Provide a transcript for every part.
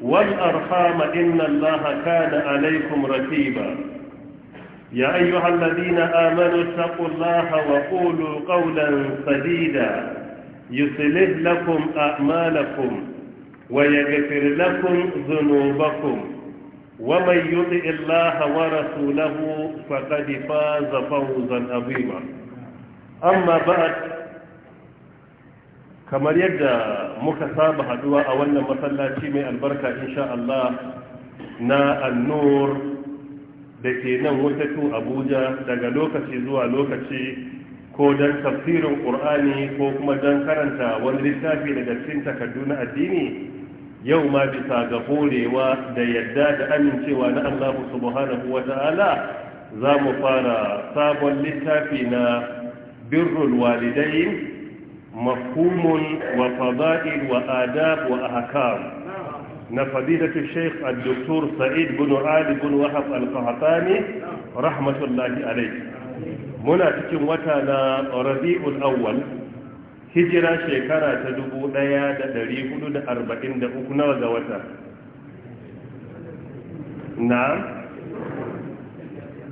والأرحام إن الله كان عليكم رتيبا يا أيها الذين آمنوا اتقوا الله وقولوا قولا سديدا يصلح لكم أعمالكم ويغفر لكم ذنوبكم ومن يطع الله ورسوله فقد فاز فوزا عظيما أما بعد kamar yadda muka saba haduwa a wannan masallaci mai albarka insha Allah na annur da ke nan wutatu abuja daga lokaci zuwa lokaci ko don tafsirin ƙur'ani ko kuma don karanta wani littafi daga cikin takardu na addini yau ma bisa ga horewa da yadda da amincewa na Allah subhanahu wa ta'ala za mu fara sabon littafi na birrul walidai? مفهوم وفضائل وآداب وأحكام نفضيلة الشيخ الدكتور سعيد بن عالي بن وحف القهطاني رحمة الله عليه منا تكون cikin wata na Rabiul Awwal hijira shekara ta 1443 nawa ga wata na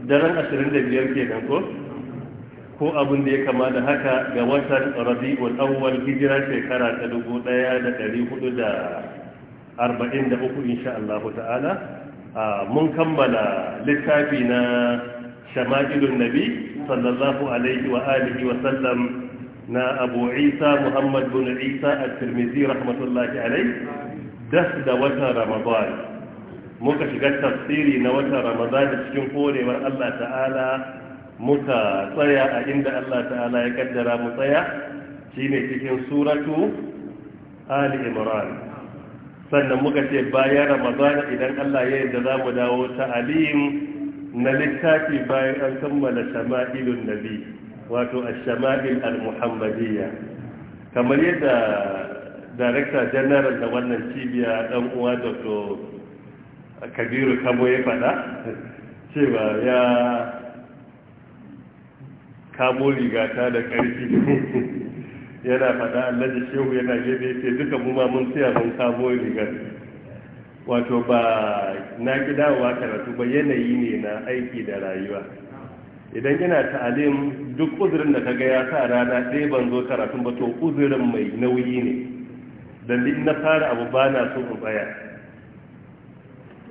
daren 25 kenan ko ko abin da ya kama da haka ga watan rabi'ul awwal hijira shekara ta 1443 insha Allah ta'ala mun kammala littafi na shama'ilun nabi sallallahu alaihi wa alihi wa sallam na Abu Isa Muhammad bin Isa at-Tirmidhi rahmatullahi alaihi das da watan Ramadan muka shiga tafsiri na watan Ramadan cikin korewar Allah ta'ala muka tsaya a inda Allah ta'ala ya kaddara mu tsaya shine cikin suratu Ali Imran sannan muka ce bayan Ramadan idan Allah ya yarda za mu dawo alim na littafi bayan an kammala shama'ilun nabi wato ash-shama'il al-muhammadiyya kamar yadda Director General da wannan cibiya dan uwa Dr. Kabiru Kabo ya faɗa cewa ya kamo rigata da ƙarfi yana faɗa allaji shehu yana gebe ce duka muma mun tsaya mun kamo rigar wato ba na gidawa karatu ba yanayi ne na aiki da rayuwa idan ina ta'alim duk uzurin da ka ga ya sa rana ɗaya ban zo karatu ba to uzurin mai nauyi ne dan na fara abu ba na so in tsaya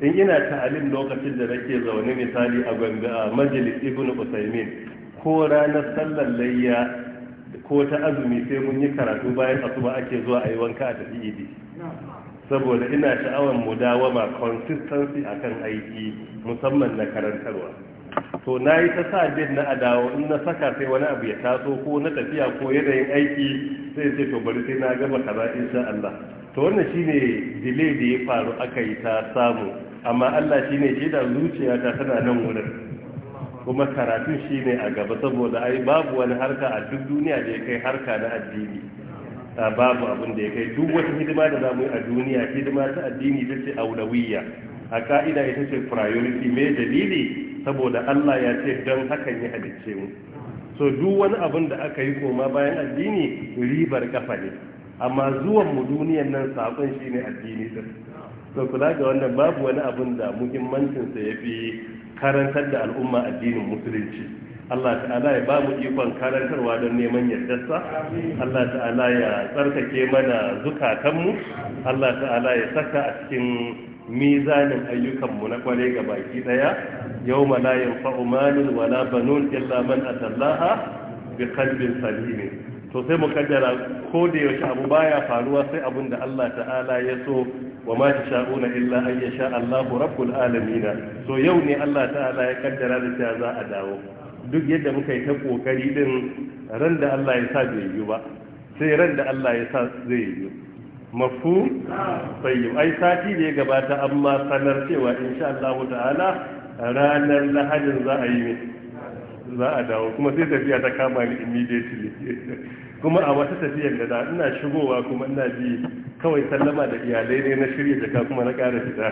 in ina ta'alim lokacin da nake zaune misali a gombe a majalis ibn usaimin ko ranar sallar layya ko ta azumi sai mun yi karatu bayan asuba ake zuwa a yi wanka a tafi idi saboda ina sha'awar mudawama consistency kan aiki musamman na karantarwa to na yi ta sa din na adawo in na saka sai wani abu ya taso ko na tafiya ko yanayin aiki sai ce to bari sai na gama kaza insha Allah to wannan shine delay da ya faru aka yi ta samu amma Allah shine da zuciya ta tana nan wurin kuma karatun shi ne a gaba saboda ai babu wani harka a duk duniya da ya kai harka na addini babu abin da ya kai duk wata hidima da zamu yi a duniya hidima ta addini ta ce aulawiyya a ka'ida ita ce priority me dalili saboda Allah ya ce don hakan ya halicce mu so duk wani abin da aka yi koma bayan addini ribar kafa ne amma zuwan mu duniyan nan sakon shine addini din so kula ga wannan babu wani abin da muhimmancinsa sa yafi karantar da al'umma addinin musulunci Allah ta'ala ya ba mu ikon karantarwa don neman yardarsa Allah ta'ala ya tsarkake mana zukatanmu Allah ta'ala ya saka a cikin mizanin ayyukanmu na kware ga baki daya yau ma la yanfa'u malun wala banun illa man atallaha bi qalbin salim to sai mu kaddara ko da yaushe abu baya faruwa sai abin da Allah ta'ala ya so wa ma sha'una illa an yasha Allahu rabbul alamin so yau ne Allah ta'ala ya kaddara da cewa za a dawo duk yadda muka yi ta kokari din ran da Allah ya sa bai yi ba sai ran da Allah ya sa zai yi mafu tayyib ai sati da ya gabata amma sanar cewa insha Allah ta'ala ranar lahadin za a yi za a dawo kuma sai tafiya ta kama ni immediately kuma a wata tafiyar da ina shigowa kuma ina ji kawai sallama da iyalai ne na shirya jaka kuma na ƙara fita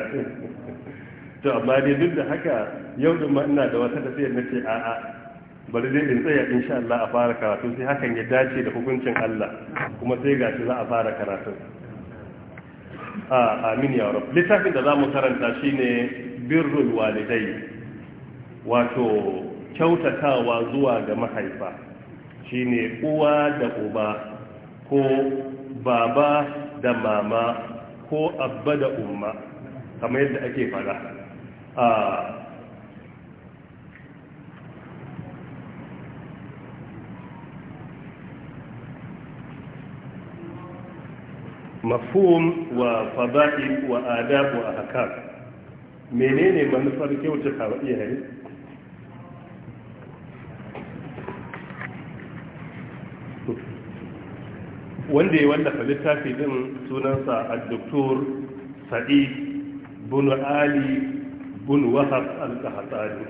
to amma dai duk da haka yau din ma ina da wata tafiyar na ce a bari dai in tsaya insha Allah a fara karatu sai hakan ya dace da hukuncin Allah kuma sai shi za a fara karatu a amin ya rab littafin da zamu karanta shine birrul walidai wato kyautatawa zuwa ga mahaifa shine uwa da uba ko baba da mama ko abba da umma kamar yadda ake fara. a mafhum wa fada'i wa adab wa ahkam menene manufar kyautata wa iyaye wanda ya wallafa littafi din sunansa al-doktor sa'id bin ali bin wahab al-qahtani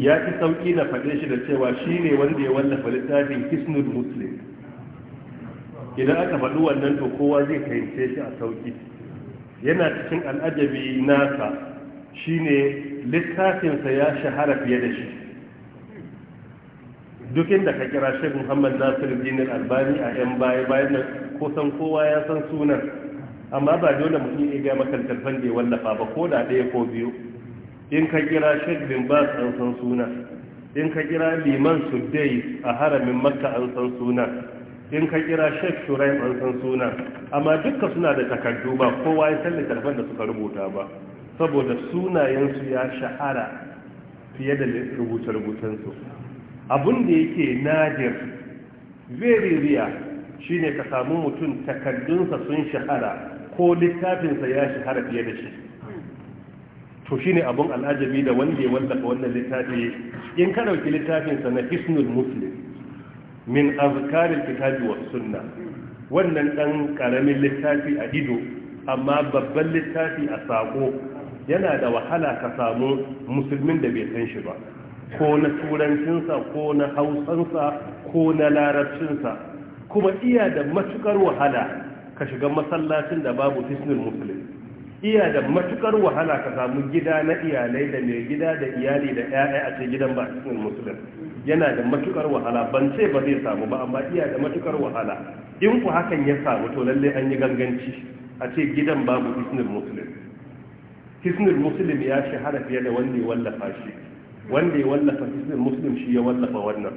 ya fi sauki na faɗe shi da cewa shi ne wanda ya wallafa littafin hisnul muslim idan aka faɗi wannan to kowa zai fahimce shi a sauki yana cikin al'ajabi nasa shine littafinsa ya shahara fiye da shi duk inda ka kira Sheikh muhammad nasir dini albani a yan baya bayan nan kusan kowa ya san sunan amma ba dole mu iya ga maka tarfan ya wallafa ba ko da ɗaya ko biyu in ka kira Sheikh bin bas an san sunan in ka kira liman Sudai a haramin makka an san sunan in ka kira Sheikh shuraim an san sunan amma dukkan suna da takardu ba kowa ya san littattafan da suka rubuta ba saboda sunayensu ya shahara fiye da rubuce-rubucensu abun da yake nadir very rare shine ka samu mutum takaddunsa sun shahara ko littafinsa ya shahara fiye da shi to shine abun al'ajabi da wanda ya wallafa wannan littafi in ka dauki littafinsa na hisnul muslim min azkaril kitabi wa sunna wannan ɗan karamin littafi a ido amma babban littafi a sako yana da wahala ka samu musulmin da bai san shi ba ko na turancinsa ko na hausansa ko na larabcinsa kuma iya da matukar wahala ka shiga masallacin da babu fisnin musulun. iya da matukar wahala ka samu gida na iyalai da mai gida da iyali da 'ya'ya a ce gidan ba hisnul musulun. yana da matukar wahala ban ce ba zai samu ba amma iya da matukar wahala in ku hakan ya samu to lalle an yi ganganci a ce gidan babu fisnin musulun. fisnin musulun ya shahara fiye da wanda ya wallafa shi wanda ya wallafa hisnul muslim shi ya wallafa wannan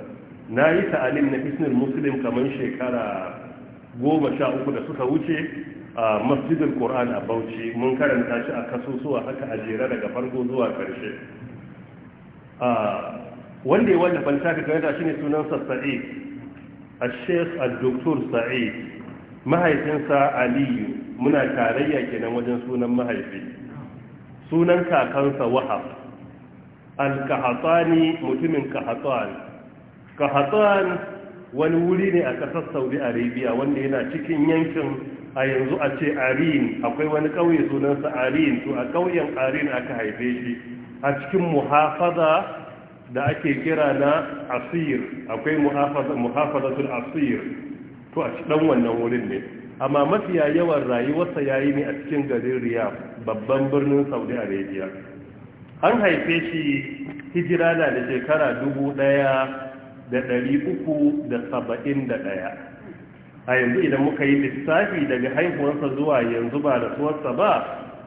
na yi ta'alim na hisnul muslim kamar shekara goma sha uku da suka wuce a masjidin ƙoran a bauchi mun karanta shi a kasusuwa haka a jera daga farko zuwa karshe wanda ya wallafa littafi karanta shi ne sunansa sheikh a doktor Sa'i mahaifinsa aliyu muna tarayya kenan wajen sunan mahaifi sunan kakansa wahab alkahatsani mutumin kahatan kahatan wani wuri ne a ƙasar saudi arabia wanda yana cikin yankin a yanzu a ce arin akwai wani ƙauye sunansa arin to a ƙauyen arin aka haife shi a cikin muhafaza da ake kira na asir akwai muhafaza muhafazatul asir to a ɗan wannan wurin ne amma mafiya yawan rayuwarsa yayi ne a cikin garin riyadh babban birnin saudi arabia an haife shi hijira na da shekara dubu ɗaya da ɗari uku da saba'in da ɗaya a yanzu idan muka yi lissafi daga haihuwarsa zuwa yanzu ba da suwarsa ba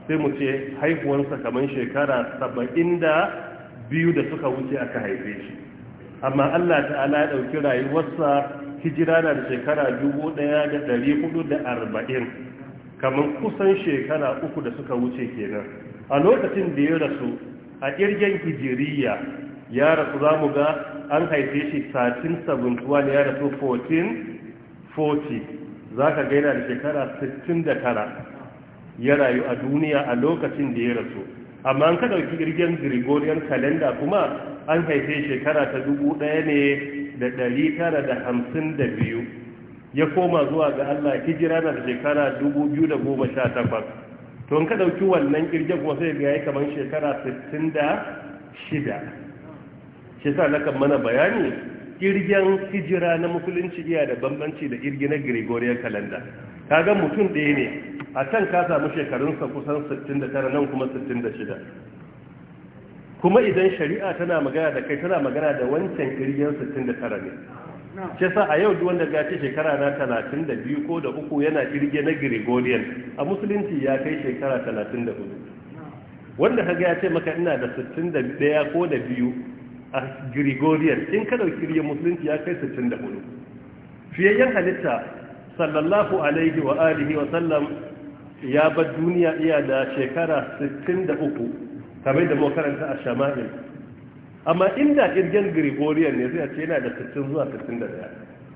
sai mu ce haihuwarsa kamar shekara saba'in da biyu da suka wuce aka haife shi amma allah ta'ala ya ɗauki rayuwarsa hijira na da shekara dubu ɗaya da ɗari hudu da arba'in kamar kusan shekara uku da suka wuce kenan a lokacin da ya rasu a ƙirgen hijiriya ya rasu za mu ga an haife shi 1371 ya rasu 1440 za ka gaina da shekara 69 ya rayu a duniya a lokacin da ya rasu amma an kada wiki jirgin gregorian calendar kuma an haife shekara ta ɗaya ne da da da biyu ya koma zuwa ga allah hijira na da sha 2018 to in ka ɗauki wannan kirge kuma sai ga yayi kamar shekara 66 shi sa kan mana bayani kirgen hijira na musulunci iya da bambanci da kirgi na gregorian calendar kaga mutum ɗaya ne a can ka samu shekarunsa kusan 69 nan kuma 66 kuma idan shari'a tana magana da kai tana magana da wancan kirgen 69 ne shi sa a yau duk wanda ga ce shekara na talatin da biyu ko da uku yana kirge na gregorian a musulunci ya kai shekara talatin da hudu wanda kaga ya ce maka ina da sittin da daya ko da biyu a gregorian in ka ɗauki kirge musulunci ya kai sittin da hudu fiyayyen halitta sallallahu alaihi wa alihi wa sallam ya bar duniya iya da shekara sittin da uku kamar da mu karanta a shama'il amma inda kirgen gregorian ne zai ce yana da 60 zuwa 61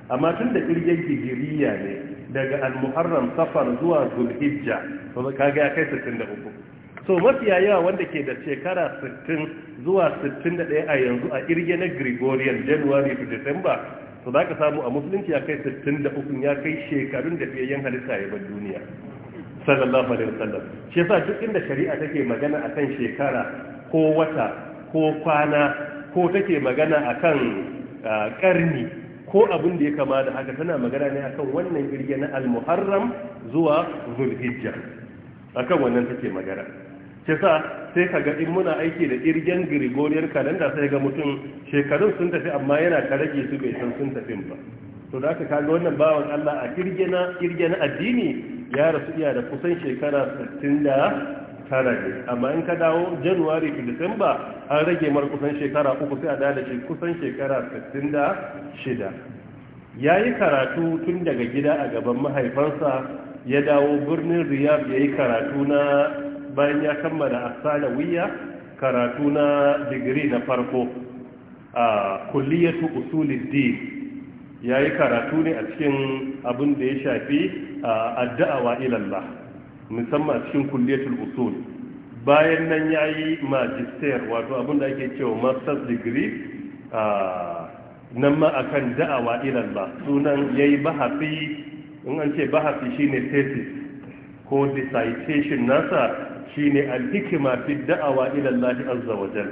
amma tun da kirgen gijiriya ne daga al-muharram safar zuwa zulhijja to kaga ya kai 63 so mafiya yawa wanda ke da shekara 60 zuwa 61 a yanzu a kirge na gregorian january to december to za ka samu a musulunci ya kai 63 ya kai shekarun da fiye halitta ya bar duniya sallallahu alaihi wasallam shi yasa duk inda shari'a take magana akan shekara ko wata ko kwana ko take magana akan karni ko abin da ya kama da haka tana magana ne akan wannan girge na al-muharram zuwa zulhijja akan wannan take magana ce sa sai ka in muna aiki da irgen grigoriyar kalanda sai ga mutum shekarun sun tafi amma yana karage su bai san sun tafi ba to da aka kaga wannan bawan Allah a kirge na addini ya rasu iya da kusan shekara 60 tara ne amma in ka dawo januwari to disamba an rage mar kusan shekara uku sai a dada kusan shekara 66 ya yi karatu tun daga gida a gaban mahaifansa ya dawo birnin riyab ya yi karatu na bayan ya kammala asala wiya karatu na digiri na farko a kulliyatu usulid din ya yi karatu ne a cikin abin da ya shafi addu'a wa ilallah musamman cikin kulliyatul usul bayan nan ya yi magister wato abinda ake cewa master's degree nan ma akan da'awa ilan ba sunan ya yi bahafi in an ce bahafi shine thesis ko dissertation nasa shine al-hikima fi da'awa ilan lahi azza wajal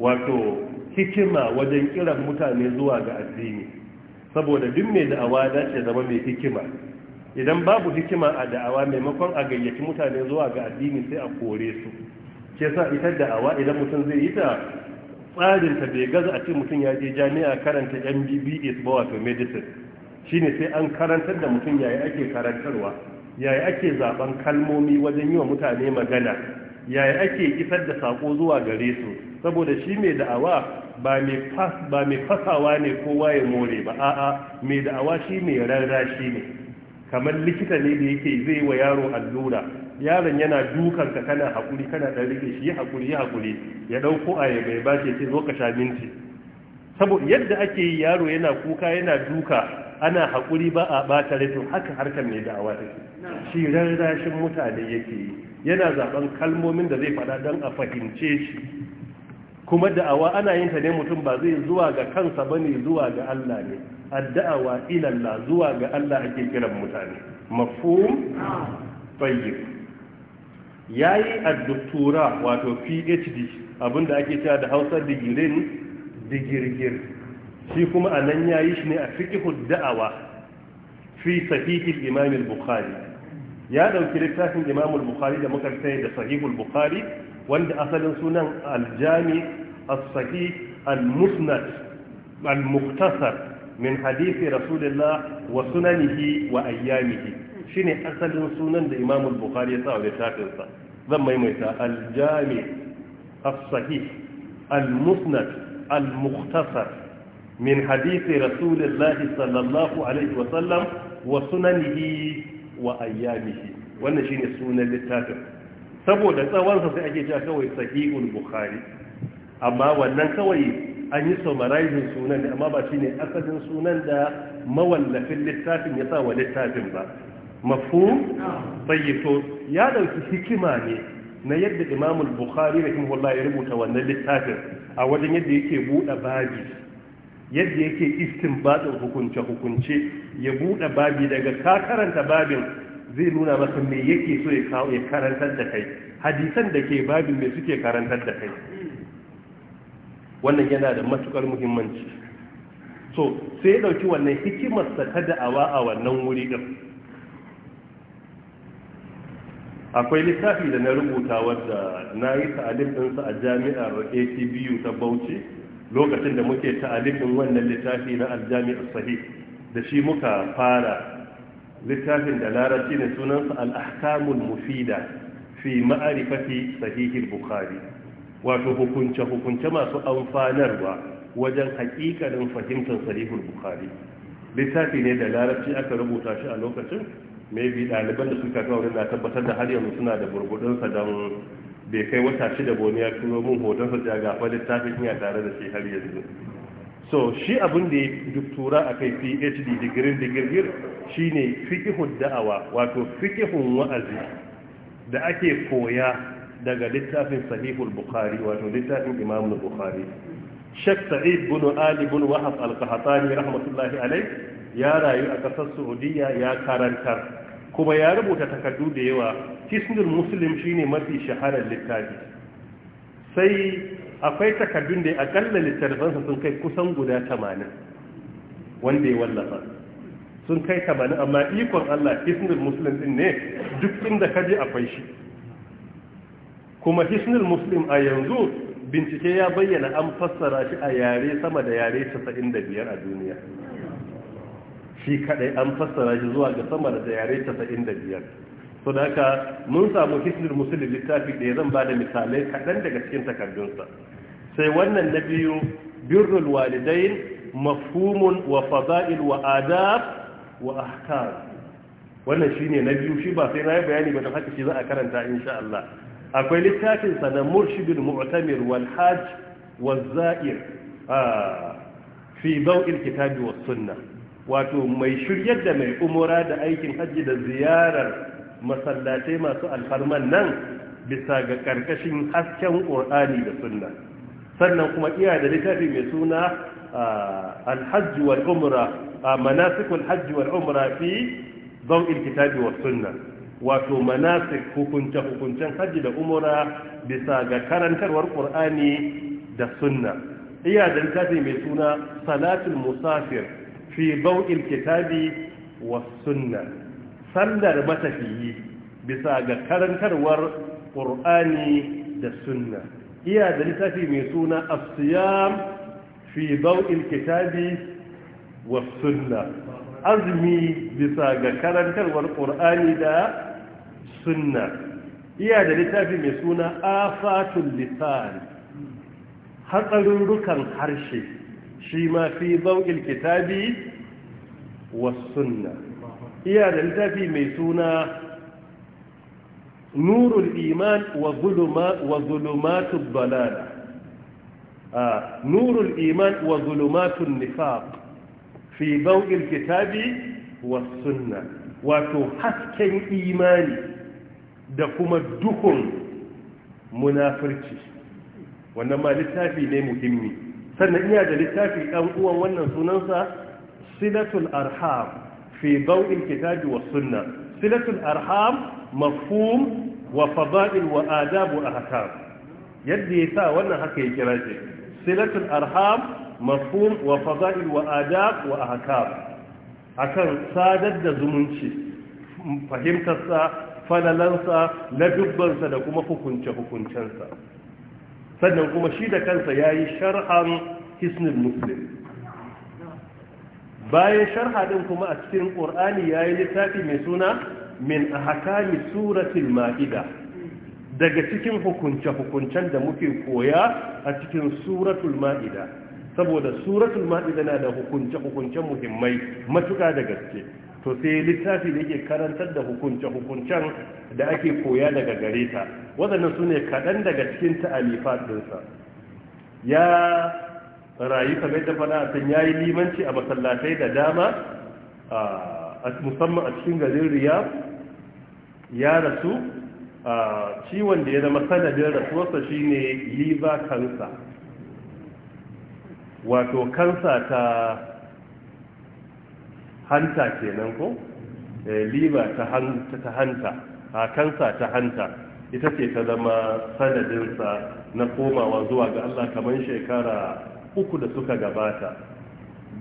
wato hikima wajen kiran mutane zuwa ga addini saboda duk mai da'awa dace zama mai hikima idan babu hikima a da'awa maimakon a gayyaci mutane zuwa ga addini sai a kore su ke sa ita da'awa idan mutum zai yi ta tsarin ta bai gaza a ce mutum ya je jami'a karanta MBBS ba wato medicine shine sai an karantar da mutum yayi ake karantarwa yayi ake zaben kalmomi wajen yi wa mutane magana yayi ake isar da sako zuwa gare su saboda shi mai da'awa ba mai fasawa ne kowa ya more ba a'a mai da'awa shi mai rarrashi ne kamar likita ne da yake zai wa yaro allura yaron yana dukan ka kana hakuri kana dan rike shi hakuri ya hakuri ya dauko ayaba ya bashi ce zo ka sha minti saboda yadda ake yi yaro yana kuka yana duka ana hakuri ba a bata rito haka harkar ne da awa take shi rarrashin mutane yake yi yana zaben kalmomin da zai faɗa dan a fahimce shi kuma da'awa ana yin ta ne mutum ba zai zuwa ga kansa bane zuwa ga Allah ne addu'a ila Allah zuwa ga Allah ake kiran mutane mafhum tayyib yayi addoktora wato PhD abinda ake cewa da Hausa digirin digirgir shi kuma anan yayi shi ne a fiqhud da'awa fi al Imam al-Bukhari ya dauki littafin Imam al-Bukhari da muka sai da sahihul Bukhari wanda asalin sunan aljami as-sahih al-musnad al-mukhtasar min hadisi rasulillah wa sunanihi wa ayyamihi shine asalin sunan da imam al-bukhari ya sa wa littafin sa zan maimaita al-jami as-sahih al-musnad al-mukhtasar min hadisi rasulillah sallallahu alaihi wa sallam wa sunanihi wa ayyamihi wannan shine sunan littafin saboda tsawonsa sai ake cewa kawai sahihul bukhari amma wannan kawai an yi summarizing sunan ne amma ba shine asalin sunan da mawallafin littafin ya sa wa littafin ba mafhum bayyato ya dauki hikima ne na yadda Imam al-Bukhari rahimahullah ya rubuta wannan littafin a wajen yadda yake buɗe babi yadda yake istinbadin hukunce hukunce ya buɗe babi daga ka karanta babin zai nuna maka me yake so ya kawo ya karantar da kai hadisan da ke babu mai suke karantar da kai wannan yana da matukar muhimmanci so sai ya dauki wannan hikimarsa ta da'awa a wannan wuri din akwai littafi da na rubuta wadda na yi ta'alif ɗinsa a jami'ar atbu ta bauchi lokacin da muke ɗin wannan littafi na aljami'ar sahih da shi muka fara littafin da larabci ne sunansa al'ahkamun ahkamul mufida fi ma'arifati sahihil bukhari wato hukunce hukunce masu amfanarwa wajen haƙiƙanin fahimtar sahihul bukhari littafi ne da larabci aka rubuta shi a lokacin bi ɗaliban da suka ga na tabbatar da har yanzu suna da burbuɗinsa don bai kai wata shida da ya turo min hotonsa ja gafa littafin iya tare da shi har yanzu so shi abin da ya tura a kai phd digirin digirgir shi ne fikihun da'awa wato fikihun wa'azi da ake koya daga littafin sahihul bukhari wato littafin Imamun bukhari shek sa'id bin ali bin wahab al-qahtani rahmatullahi alai ya rayu a kasar saudiya ya karanta kuma ya rubuta takardu da yawa hisnul muslim shine mafi shaharar littafi sai akwai takardun da akalla littattafansa sun kai kusan guda tamanin wanda ya wallafa sun kai tamanin amma ikon Allah hisnul muslim din ne duk inda ka je akwai shi kuma hisnul muslim a yanzu bincike ya bayyana an fassara shi a yare sama da yare 95 a duniya shi kadai an fassara shi zuwa ga sama da yare 95 so da haka mun samu hisnul muslim littafi da ya zan ba da misalai kaɗan daga cikin takardunsa sai wannan na biyu birrul walidain mafhumun wa fada'il wa adab wa ahkam wannan shine na biyu shi ba sai na yi bayani ba don haka shi za a karanta insha Allah akwai littafin sa na murshidul mu'tamir wal hajj wal za'ir ah, fi daw'il kitabi was sunna wato mai shiryar da mai umura da aikin hajji da ziyarar masallatai masu alfarman nan bisa ga karkashin hasken qur'ani da sunna sannan kuma iya da littafi mai suna alhajji wal umra manasikul hajji wal umra fi zau'il kitabi wa sunna wato manasik hukunce hukuncen hajji da umra bisa ga karantarwar qur'ani da sunna iya da littafi mai suna salatul musafir fi zau'il kitabi wa sunna sallar matafiyi bisa ga karantarwar qur'ani da sunna iya da littafi mai suna asiyam fi bau'il kitabi wa sunna azumi bisa ga karantarwar qur'ani da sunna iya da littafi mai suna afatul hatsarin hatsarurrukan harshe shi ma fi bau'il kitabi wa sunna iya da littafi mai suna nurul iman wa zuluma wa zulumatud dalala ah, nurul iman wa nifa nifaq fi dawil kitabi wa sunna wato hasken imani da kuma duhun munafirci wannan ma littafi ne muhimmi sannan iya da littafi ɗan uwan wannan sunansa silatul arham fi dawil kitabi wa sunna silatul arham mafhum wa fada'il wa adabu ahkam yadda ya sa wannan haka ya kira shi silatul arham mafhum wa fada'il wa adab wa ahkam akan sadar da zumunci fahimtarsa falalansa ladubbansa da kuma hukunce-hukuncensa sannan kuma shi da kansa ya yi sharhan hisnin muslim bayan sharha din kuma a cikin ƙorani ya yi littafi mai suna min ahkami suratul maida daga cikin hukunce hukuncen da muke koya a cikin suratul maida saboda suratul maida na da hukunce hukuncen muhimmai matuka da gaske to sai littafi da yake karantar da hukunce hukuncen da ake koya daga gareta, ta waɗannan su ne kaɗan daga cikin ta'alifat ɗinsa ya rayu kamar da faɗa a ya yi limanci a masallatai da dama musamman a cikin garin riyadh ya rasu a ciwon da ya zama sanadin rasuwarsa shine liver cancer wato kansa ta hanta kenan ko eh, liver ta hanta a kansa ta hanta ita ce ta zama sanadinsa na komawa zuwa ga Allah kamar shekara uku da suka gabata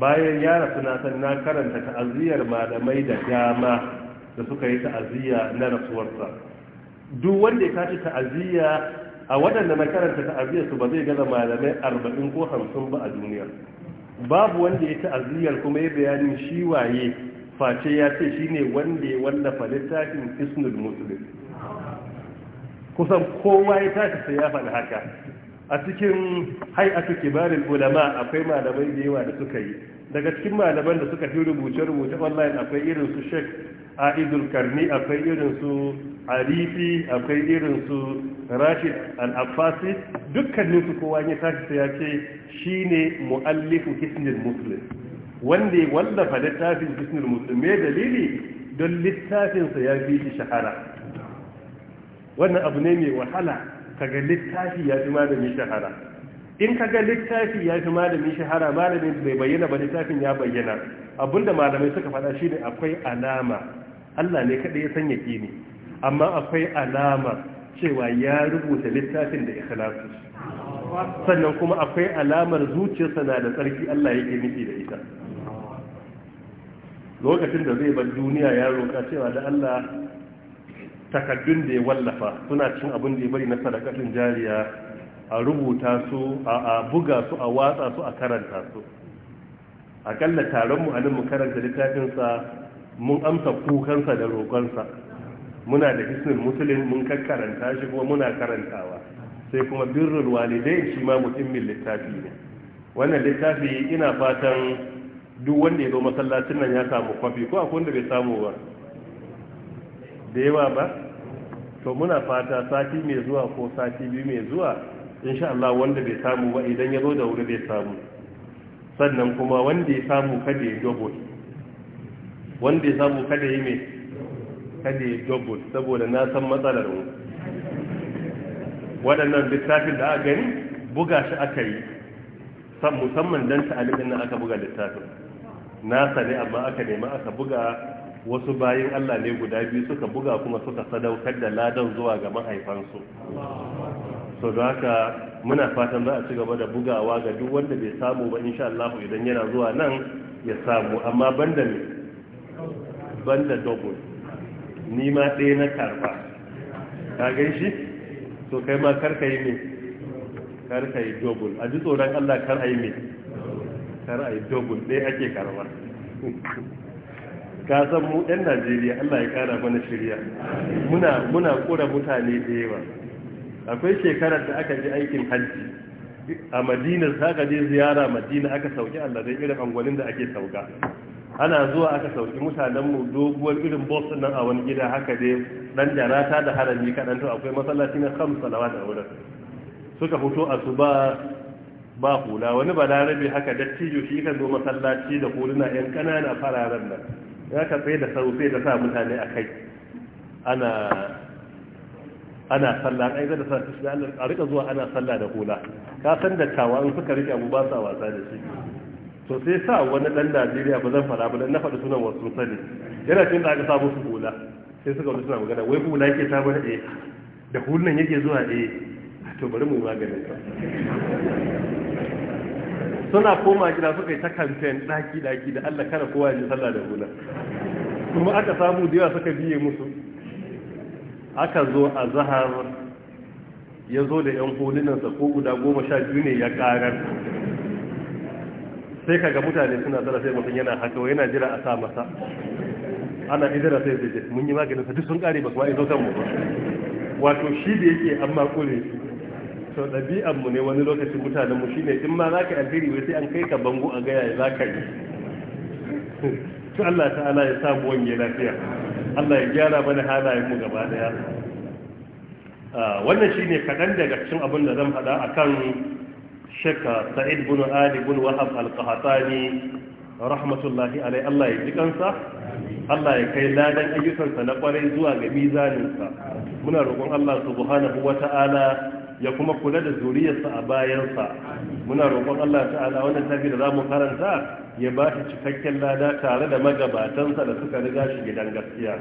bayan ya rasu na san na karanta ta'aziyar malamai da dama da suka yi ta'aziyya na rasuwarsa duk wanda ya tashi ta'aziyya a waɗanda na karanta ta'aziyyar su ba zai gaza malamai arba'in ko hamsin ba a duniya babu wanda ya ta'aziyyar kuma ya bayanin shi waye face ya ce shine wanda ya wallafa littafin isnul muslim kusan kowa ya tashi sai ya faɗi haka a cikin hay'atu kibarin ulama akwai malamai da yawa da suka yi daga cikin malaman da suka fi rubuce-rubuce online akwai irin su sheikh aidul karni akwai irinsu su arifi akwai irinsu rashid al-affasi dukkanin su kowa ya tashi sai ya ce shi ne muallifu kisnin musulun wanda ya wallafa littafin kisnin musulun mai dalili don littafinsa ya fi shi shahara wannan abu ne mai wahala kaga littafi ya fi malami shahara in kaga littafi ya fi malami shahara malamin bai bayyana ba littafin ya bayyana abinda malamai suka faɗa shi ne akwai alama Allah ne kada ya sanya kini amma akwai alama cewa ya rubuta littafin da ikhlasu sannan kuma akwai alamar zuciyarsa na da tsarki Allah yake nufi da ita lokacin da zai bar duniya ya roƙa cewa da Allah takaddun da ya wallafa suna cin abin da ya bari na sadakatun jariya a rubuta su a buga su a watsa su a karanta su akalla taron mu nan mu karanta littafinsa mun amsa kukansa da roƙonsa muna da hisnin musulun mun kakkaranta shi kuma muna karantawa sai kuma birrul walidai shi ma mutumin littafi ne wannan littafi ina fatan duk wanda ya zo masallacin nan ya samu kwafi ko akwai wanda bai samu ba da yawa ba to muna fata sati mai zuwa ko sati biyu mai zuwa insha Allah wanda bai samu ba idan ya zo da wuri bai samu sannan kuma wanda ya samu kada ya gabo. wanda ya samu kada yi mai kada ya jogot saboda na san matsalar mu waɗannan littafin da aka gani buga shi aka yi musamman don ta'alibin na aka buga littafin nasa ne amma aka nema aka buga wasu bayan Allah ne guda biyu suka buga kuma suka sadaukar da ladan zuwa ga mahaifansu so da haka muna fatan za a ci gaba da bugawa ga duk wanda bai samu ba insha Allah idan yana zuwa nan ya samu amma banda ne Banda dogon, double ni ma ɗaya na karfa ka gai shi to kai ma karka yi mai karka yi double a ji tsoron Allah kar a yi mai kar a yi double ɗaya ake karfa ka san mu ɗan Najeriya Allah ya kara mana shirya muna muna kura mutane da yawa akwai shekarar da aka ji aikin hajji a madina za ka je ziyara madina aka sauki allah dai irin angwalin da ake sauka ana zuwa aka sauki mutanenmu doguwar irin bos nan a wani gida haka dai dan jarata da harami kaɗan to akwai masallaci na kam salawa da wurin suka fito a su ba ba hula wani balarabe haka dattijo shi kan zo masallaci da huluna yan ƙanana fararen nan ya ka tsaye da sauƙe da sa mutane a kai ana ana sallah ai da sa a rika zuwa ana sallah da hula ka san da tawa in suka rike abu ba sa wasa da shi to sai sa wani dan Najeriya ba zan fara ba dan na faɗi sunan wasu sani yana cikin da aka sa musu hula sai suka wani suna magana wai hula yake ta bar eh da hulunan yake zuwa eh ah, to bari mu yi maganin ka suna koma gida suka yi ta kamfen daki daki da Allah kana kowa ya sallah da hula kuma aka samu da yawa suka biye musu aka zo a zahar ya zo da yan hulunansa ko guda goma sha biyu ne ya karar sai kaga mutane suna tsara sai mutum yana haka yana jira a sa masa ana idira sai zai mun yi maganin sa duk sun kare ba kuma izo zautan mu wato shi da yake amma kure to dabi'an mu ne wani lokacin mutanen mu shine in ma zaka alheri wai sai an kai ka bango a gaya zaka yi to Allah ta'ala ya sa mu wanye lafiya Allah ya gyara mana halayen mu gaba daya ah, wannan shine kaɗan daga cikin abin da zan faɗa akan shakka sa'id bin ali bin wahab al-qahtani rahmatullahi alai Allah ya ji kansa Allah ya kai ladan ayyukansa na kwarai zuwa ga mizaninsa muna roƙon Allah subhanahu wata'ala ya kuma kula da zuriyarsa a bayansa muna roƙon Allah ta'ala wannan tafi da zamu karanta ya ba shi cikakken lada tare da magabatansa da suka riga shi gidan gaskiya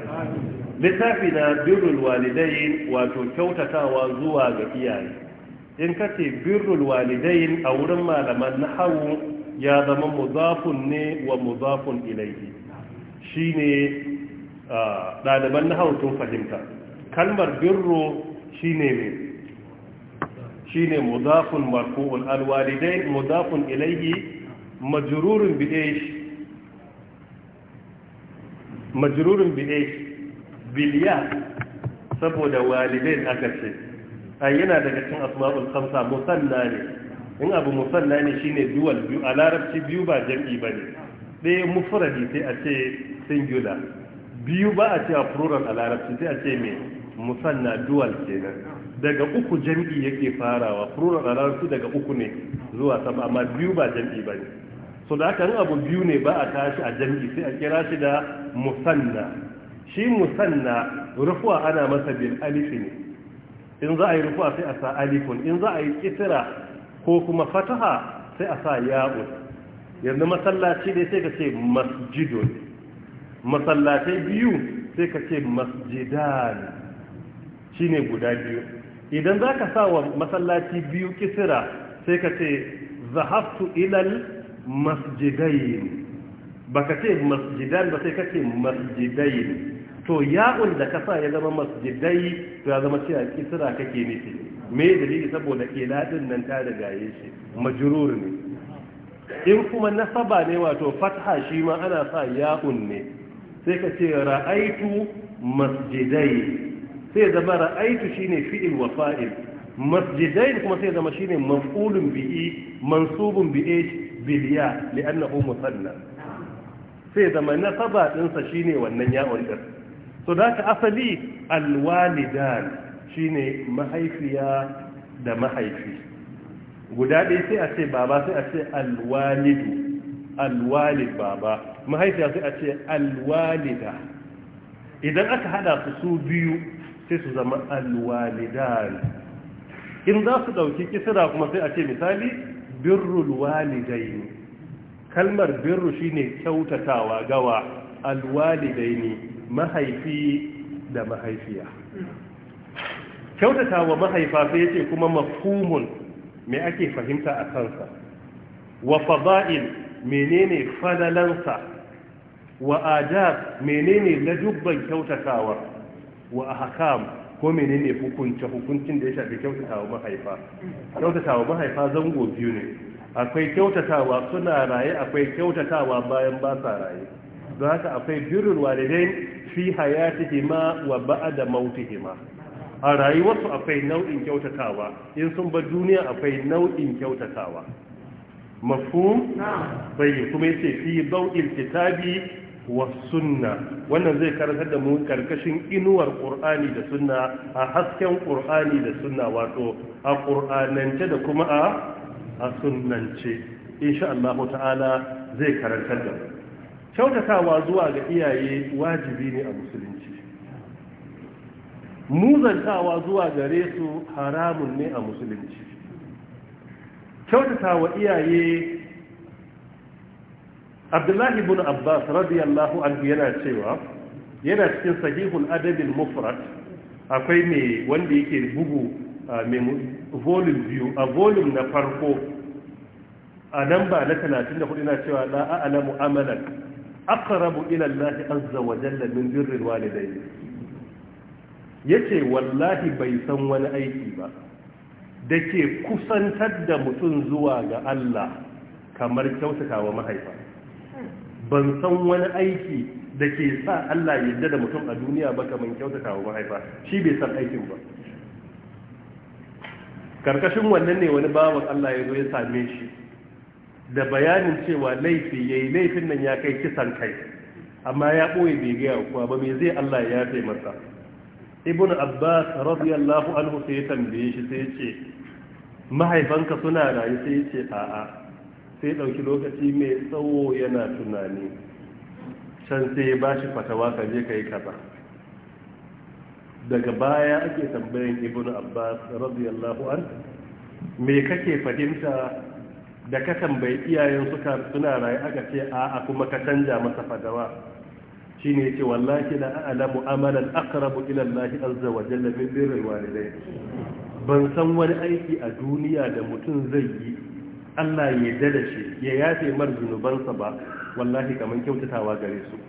littafi na birrul walidain wato kyautatawa zuwa ga iyaye in ce birrul walidain a wurin malaman na nahawu ya zama muzafun ne wa mudafun ilaihi ne ɗaliban na hau sun fahimta kalmar birro shi ne ne mudafun marfu'un alwalidain mudafun ilaihi majururin bi ish majururin bi biliya, saboda walidain aka ce a yana daga cin asma'ul khamsa musalla ne in abu musalla ne shine dual biyu a larabci biyu ba jam'i ba ne ɗaya mufradi sai a ce singular biyu ba a ce a plural a larabci sai a ce me musanna dual kenan daga uku jam'i yake farawa plural a larabci daga uku ne zuwa sama amma biyu ba jam'i ne so da haka abu biyu ne ba a tashi a jam'i sai a kira shi da musanna shi musanna rufuwa ana masa bil alif ne in za a yi rufuwa sai a sa alifun in za a yi kisira ko kuma fataha sai a sa ya'un yanzu masallaci dai sai ka ce masjidun masallatai biyu sai ka ce masjidan shine guda biyu idan za ka sa wa masallaci biyu kisira sai ka ce zahabtu ilal masjidain baka ce masjidan ba sai ka ce masjidain to ya'un da kasa ya zama masjidai to ya zama cewa kisra kake nufi me dalili saboda ila din nan ta rigaye shi majrur ne in kuma nasaba ne wato fatha shi ma ana sa ya'un ne sai ka ce ra'aitu masjidai sai zama ra'aitu shine fi'il wa fa'il masjidai kuma sai zama shine maf'ulun bihi mansubun bihi biliya li'annahu musanna sai zama nasaba dinsa shine wannan ya'un din so da ka asali alwalidan shine mahaifiya da mahaifi guda ɗaya sai a ce baba sai a ce alwalidu alwalid baba mahaifiya sai a ce alwalida idan aka hada su su biyu sai su zama alwalidan in za su ɗauki kisira kuma sai a ce misali birrul walidaini kalmar birru shine kyautatawa gawa alwalidaini mahaifi da mahaifiya kyautata wa mahaifa sai yace kuma mafhumun me ake fahimta a kansa wa fada'il menene fadalansa wa adab menene dubban kyautatawa wa ahkam ko menene hukunce hukuncin da ya shafi kyautatawa mahaifa kyautatawa mahaifa zango biyu ne akwai kyautatawa suna raye akwai kyautatawa bayan ba sa raye don haka akwai birin walidain fi hima wa ba'a da mauti hima. a rayuwarsu akwai nau'in kyautatawa in sun ba duniya akwai nau'in kyautatawa mafhum bai kuma yace fi bau'in kitabi wa sunna wannan zai karantar da mu karkashin inuwar qur'ani da sunna a hasken qur'ani da sunna wato a qur'anance da kuma a a sunnance insha Allah ta'ala zai karantar da mu kyautatawa zuwa ga iyaye wajibi ne a musulunci muzantawa zuwa gare su haramun ne a musulunci kyautatawa iyaye abdullahi ibn abbas radiyallahu anhu yana cewa yana cikin sahihul adabin mufrad akwai mai wanda yake bugu mai volume biyu a volume na farko a nan ba na 34 na cewa na amalan aqrabu ila Allah azza wa jalla min birril yace wallahi bai san wani aiki ba dake kusantar da mutum zuwa ga Allah kamar kyautatawa mahaifa ban san wani aiki da ke sa Allah yadda da mutum a duniya ba kamar wa mahaifa shi bai san aikin ba karkashin wannan ne wani bawan Allah ya zo ya same shi da bayanin cewa laifi yi laifin nan ya kai kisan kai amma ya ɓoye bai gaya kuwa ba me zai Allah ya yafe masa Ibn abbas radiyallahu anhu sai ya tambaye shi sai ya ce mahaifanka suna rayu sai ya ce a'a sai ɗauki lokaci mai tsawo yana tunani can sai ya shi fatawa ka je ka yi kaza daga baya ake tambayan Ibn abbas radiyallahu anhu me kake fahimta da ka tambayi iyayen suka suna raye aka ce a a kuma ka canja masa fadawa Shi shine yace wallahi a a'lamu amalan aqrabu ila lahi azza wa jalla min birril walidain ban san wani aiki a duniya da mutum zai yi Allah ya dada shi ya yafe mar zunubansa ba wallahi kamar kyautatawa gare su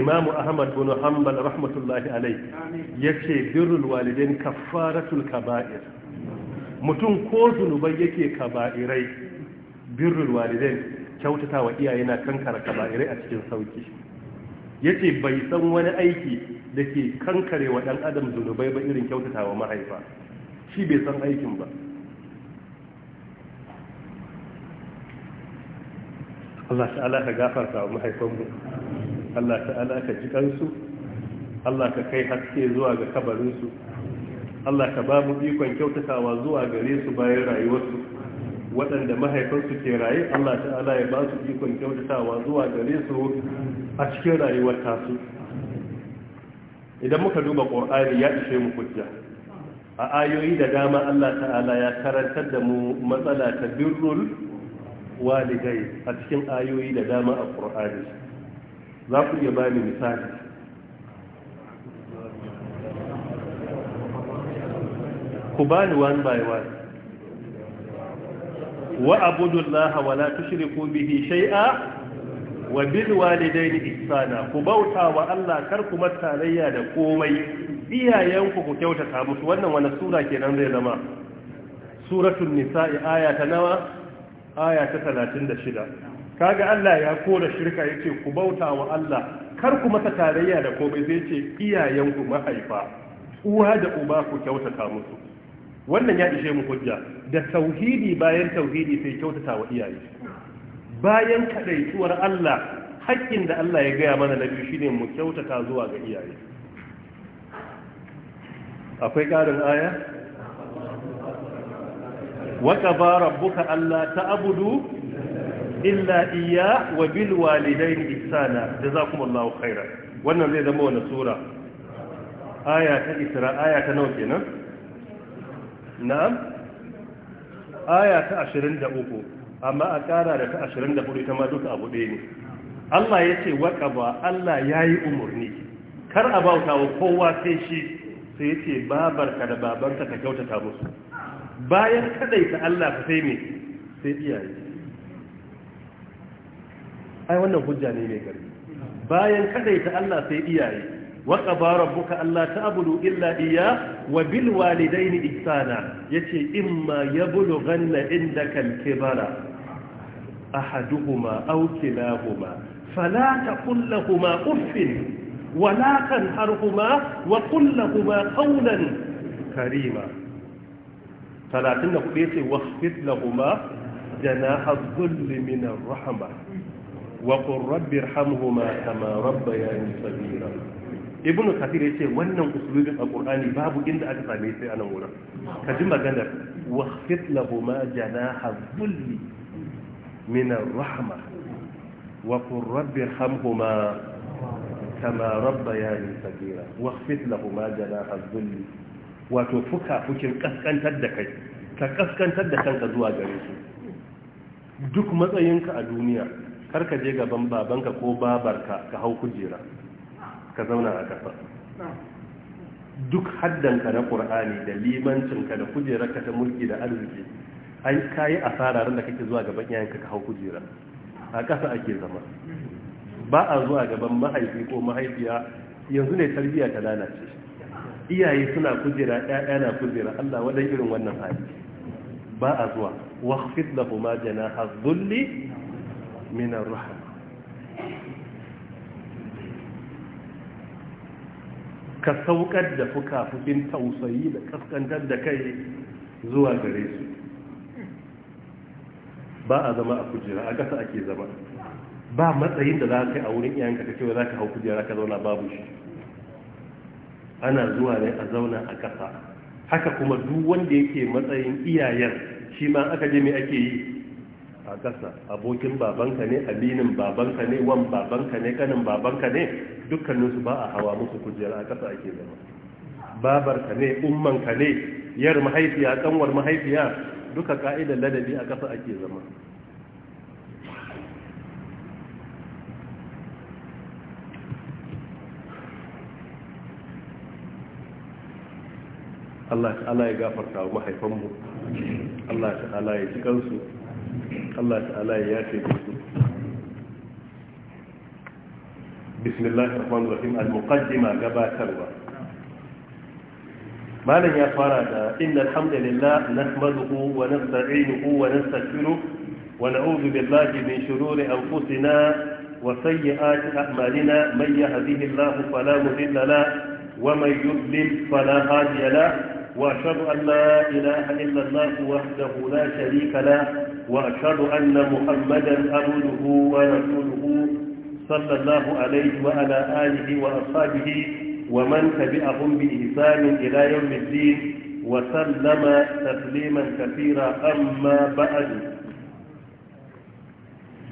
Imam Ahmad bin Hanbal rahmatullahi alayhi yace birrul walidain kafaratul kaba'ir mutum ko zunubai yake kaba'irai birrul walidain kyautata wa iyaye na kankara kaba'irai a cikin sauki yace bai san wani aiki da ke kankare wa dan adam zunubai ba irin kyautata wa mahaifa shi bai san aikin ba Allah ta'ala ka gafarta wa mahaifanmu Allah ta'ala ka ji kansu Allah ka kai haske zuwa ga kabarinsu Allah ka ba mu ikon kyautatawa zuwa gare su bayan rayuwarsu waɗanda mahaifinsu ke raye Allah ta'ala ya ba su ikon kyautatawa zuwa gare su a cikin rayuwar tasu idan muka duba ƙur'ani ya ishe mu hujja a ayoyi da dama Allah ta'ala ya karantar da mu matsala ta birrul walidai a cikin ayoyi da dama a ƙur'ani za ku iya bani misali ku bani one by one wa abudullaha wa la tushriku bihi shay'a wa bil ni ihsana ku bauta wa Allah kar ku matarayya da komai iyayenku ku kyautata musu wannan wani sura kenan zai zama suratun nisa'i aya ta nawa aya ta 36 kaga Allah ya kora shirka yace ku bauta wa Allah kar ku masa tarayya da komai zai ce iyayenku mahaifa uwa da uba ku kyautata musu wannan ya ishe mu hujja da tauhidi bayan tauhidi sai kyautata wa iyaye bayan kaɗaituwar Allah hakkin da Allah ya gaya mana nabi shine mu kyautata zuwa ga iyaye akwai ƙarin aya وكفى alla ta'budu illa iyya wa bil walidayni ihsana jazakumullahu khairan wannan zai zama wani sura aya ta isra aya ta nawa kenan? na'am aya ta 23 amma a ƙara da ta 24 ta ma duka abu ɗaya ne Allah ya ce waƙaba Allah ya yi umarni kar a bauta wa kowa sai shi sai ce babarka da babanka ka kyautata musu bayan kadaita Allah ka sai me sai iyaye ai wannan hujja ne mai ƙarfi bayan kadaita Allah sai iyaye wa qaba allah alla ta'budu illa iya wa bil walidayni ihsana yace imma yablughanna indaka al-kibara ahaduhuma aw kilahuma fala taqul lahumā uffin wa la tanharhumā wa qul lahumā qawlan karīmā 34 yace waqfid lahumā جناح الظل من الرحمة وقل رب ارحمهما كما ربياني صغيرا ibnu kathir yace wannan usulubin alqur'ani babu inda aka same sai a wurin ka ji magana wa khfit lahu ma janaha dhulli min ar-rahma wa qur rabbi irhamhuma kama rabbayani sagira wa khfit lahu ma janaha dhulli wato fuka fukin kaskantar da kai ka kaskantar da kanka zuwa gare su duk matsayinka a duniya karka je gaban babanka ko babarka ka hau kujera ka zauna a ƙasa duk haddanka na ƙur'ani da limancinka da kujerarka ta mulki da arziki an kayi asara ran da kake zuwa gaban 'ya'yanka ka hau kujera a ƙasa ake zama ba a zuwa gaban mahaifi ko mahaifiya yanzu ne tarbiyya ta lalace iyaye suna kujera ƴaƴa na kujera Allah wadan irin wannan hali ba a zuwa waqfid lahum janaha dhulli min ar-rahma ka saukar da fukafukin tausayi da kaskantar da kai zuwa gare su ba a zama a kujera a ƙasa ake zama ba matsayin da za ka yi a wurin iyayenka ta cewa za ka hau kujera ka zauna babu shi ana zuwa ne a zauna a ƙasa haka kuma duk wanda yake matsayin iyayen shi ma aka je me ake yi a ƙasa abokin babanka ne Abinin babanka ne wan babanka ne kanin babanka ne dukkaninsu ba a hawa musu kujera a ƙasa ake zama babarka ne ka ne yar mahaifiya kanwar mahaifiya duka ka'idar ladabi a ƙasa ake zama Allah ta'ala ya gafarta wa mahaifanmu Allah ta'ala ya ci kansu Allah ta'ala ya yafe musu بسم الله الرحمن الرحيم المقدمة قباتروا ما لن يفعل إن الحمد لله نحمده ونستعينه ونستغفره ونعوذ بالله من شرور أنفسنا وسيئات أعمالنا من يهده الله فلا مضل له ومن يضلل فلا هادي له وأشهد أن لا إله إلا الله وحده لا شريك له وأشهد أن محمدا عبده ورسوله صلى الله عليه وعلى آله وأصحابه ومن تبعهم بإحسان إلى يوم الدين وسلم تسليما كثيرا أما بعد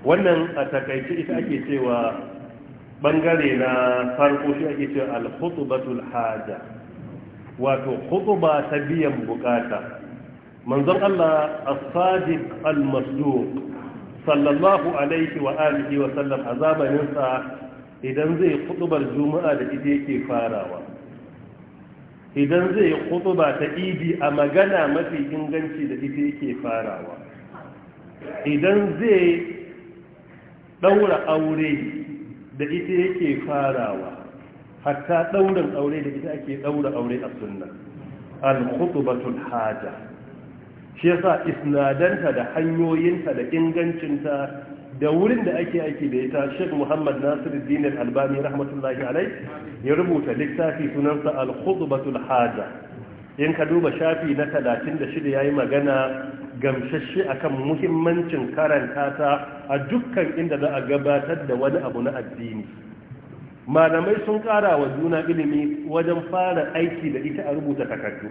wannan a takaice ita ake cewa bangare na farko shi ake cewa al haja wato khutba ta biyan bukata manzon Allah as-sadiq al-masduq sallallahu alaihi wa alihi wa sallam a zamaninsa idan zai kutubar juma'a da ita yake farawa idan zai kutuba ta idi a magana mafi inganci da ita yake farawa idan zai daura aure da ita yake farawa hatta daurin aure da ita ake daura aure a sunna al-khutbatul haja shi yasa isnadanta da hanyoyinta da ingancinta da wurin da ake aiki da ita Sheikh Muhammad Nasiruddin Al-Albani rahmatullahi alai ya rubuta littafi sunansa Al-Khutbatul Haja in ka duba shafi na 36 yayi magana a akan muhimmancin karanta ta a dukkan inda za a gabatar da wani abu na addini malamai sun kara wa juna ilimi wajen fara aiki da ita a rubuta takardu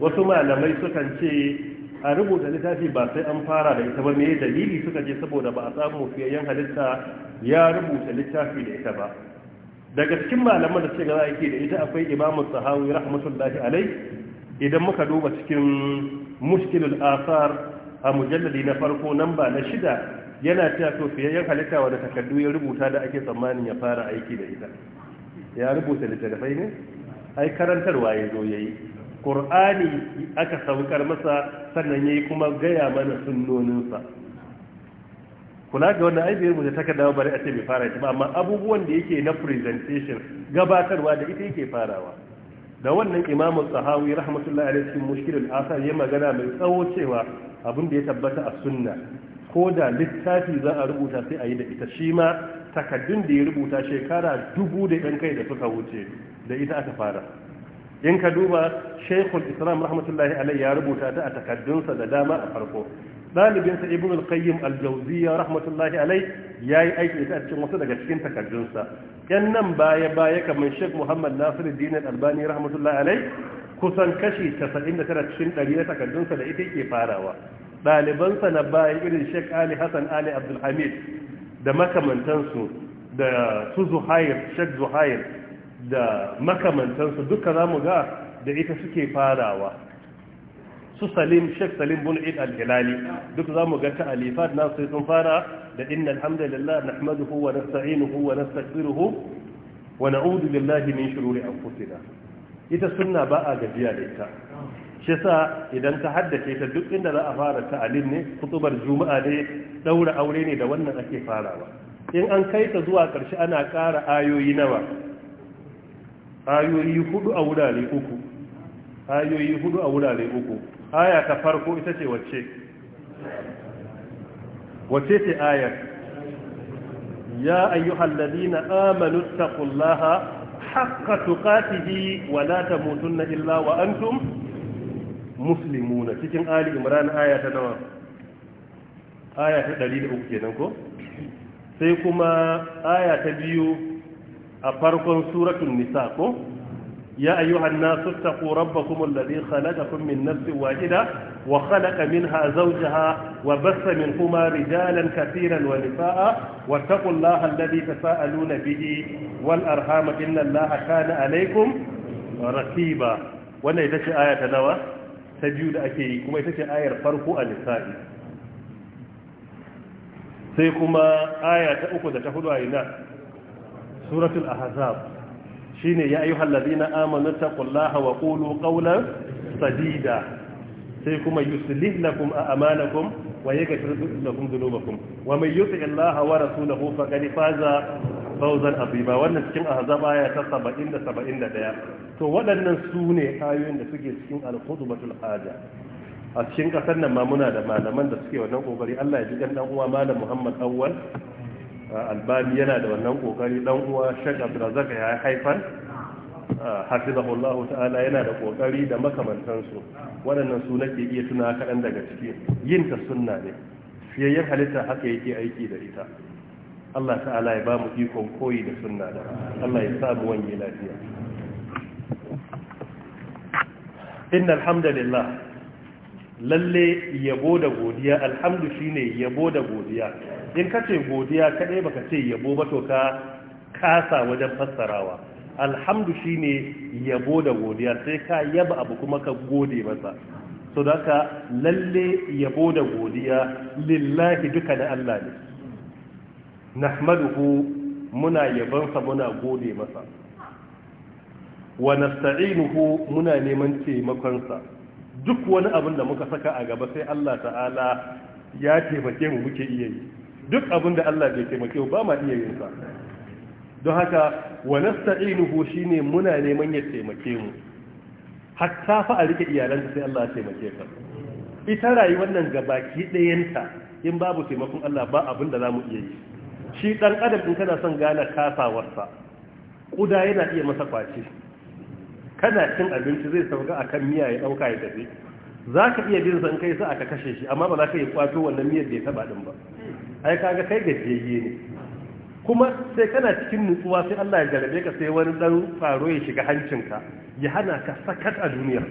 wasu malamai sukan ce a rubuta littafi ba sai an fara da ita ba me dalili suka je saboda ba a samu fiyayyen halitta ya rubuta littafi da ita ba daga cikin malaman da suke ga yake da ita akwai imamu sahawi rahmatullahi alai idan muka duba cikin mushkilul asar a mujalladi na farko namba na shida yana cewa to fiyayyen halitta wanda takardu ya rubuta da ake tsammanin ya fara aiki da ita ya rubuta littattafai ne ai karantarwa ya zo ya ƙur'ani aka saukar masa sannan ya yi kuma gaya mana sunnoninsa kula ga wannan aibiyar mu da kada bari a ce bai fara ita ba amma abubuwan da yake na presentation gabatarwa da ita yake farawa da wannan imamu sahawi rahmatullahi alaihi cikin mushkilul asar ya magana mai tsawo cewa abin da ya tabbata a sunna ko da littafi za a rubuta sai a yi da ita shi ma takaddun da ya rubuta shekara dubu da ɗan kai da suka wuce da ita aka fara in ka duba shaykhul islam rahmatullahi alayhi ya rubuta ta a takaddunsa da dama a farko ɗalibinsa ibn al-qayyim al-jawziyya rahmatullahi alayhi yayi aiki ita a cikin wasu daga cikin takaddunsa yan nan baya baya kamar shaykh muhammad nasiruddin al-albani rahmatullahi alayhi kusan kashi 99 cikin 100 na takaddunsa da ita yake farawa ɗalibansa na baya irin shaykh ali hassan ali abdulhamid da makamantansu da su zuhair sheikh zuhair da makamantansu duka za mu ga da ita suke farawa su salim sheikh salim bin id al-hilali duk za mu ga ta alifat na sai sun fara da inna alhamdulillah nahmaduhu wa nasta'inuhu wa nastaghfiruhu wa na'udhu billahi min shururi anfusina ita sunna ba a gajiya da ita shi sa idan ta haddace ta duk inda za a fara ta alin ne kutubar juma'a ne daura aure ne da wannan ake farawa in an kai ta zuwa ƙarshe ana ƙara ayoyi nawa ayoyi hudu a wurare uku ayoyi hudu a wurare uku aya ta farko ita ce wacce wacce ce ayar ya ayyuhal ladina amanu taqullaha haqqa tuqatihi wa la tamutunna illa wa antum muslimuna cikin ali imran aya ta nawa aya ta 103 kenan ko sai kuma aya ta biyu a farkon suratun nisa ko ya ayyuhan nasu taqu rabbakum alladhi khalaqakum min nafsin wahida wa khalaqa minha zawjaha wa bassa minhuma rijalan katiran wa nisaa wa taqullaha alladhi tasaaluna bihi wal arhama inna allaha kana alaykum rakiba wannan ita ce aya ta nawa ta biyu da ake yi kuma ita ce ayar farko a nisa'i sai kuma aya ta uku da ta hudu a ina suratul ahzab shine ya ayyuhal ladina amanu taqullaha wa qulu qawlan sadida sai kuma yuslih lakum a'malakum wa yaghfir lakum dhunubakum wa man yuti allaha wa rasulahu faqad faza fawzan azima wannan cikin ahzab aya ta 70 da 71 to waɗannan sune ayoyin da suke cikin al-khutbatul haja a cikin kasar nan ma muna da malaman da suke wannan kokari Allah ya ji dan uwa malam Muhammad Awwal albani yana da wannan kokari dan uwa shek abdulrazak ya haifar ah, hafizahullahu ta'ala yana da kokari da makamantansu waɗannan su nake iya tuna kaɗan daga ciki yin ta sunna ne fiyayyen halitta haka yake aiki da ita Allah ta'ala ya ba mu ikon koyi da sunna da Allah ya sa mu wange lafiya innal hamdalillah lalle yabo da godiya alhamdu shine yabo da godiya in ka ce godiya kadai baka ce yabo ba to ka kasa wajen fassarawa alhamdu shine yabo da godiya sai ka yaba abu kuma ka gode masa so da lalle yabo da godiya lillahi duka da Allah ne nahmaduhu muna yabansa muna gode masa wa nasta'inuhu muna neman taimakonsa duk wani abin da muka saka a gaba sai Allah ta'ala ya taimake mu muke iya yi duk abin da Allah bai taimake mu ba ma iya yin sa don haka wa nasta'inuhu shine muna neman ya taimake mu hatta fa a rike iyalanta sai Allah ya taimake ka ita rayuwar nan gabaki ɗayanta in babu taimakon Allah ba abin da zamu iya yi shi dan adam in kana son gane kasawarsa kuda yana iya masa kwace kana cin abinci zai sauka kan miya ya ɗauka, ya tafi za ka iya bin san kai sa aka kashe shi amma ba za ka yi kwato wannan miyar da ya taba ɗin ba ai kaga kai gajiyayye ne kuma sai kana cikin nutsuwa sai Allah ya jarabe ka sai wani dan faro ya shiga hancinka ya hana ka sakat a duniya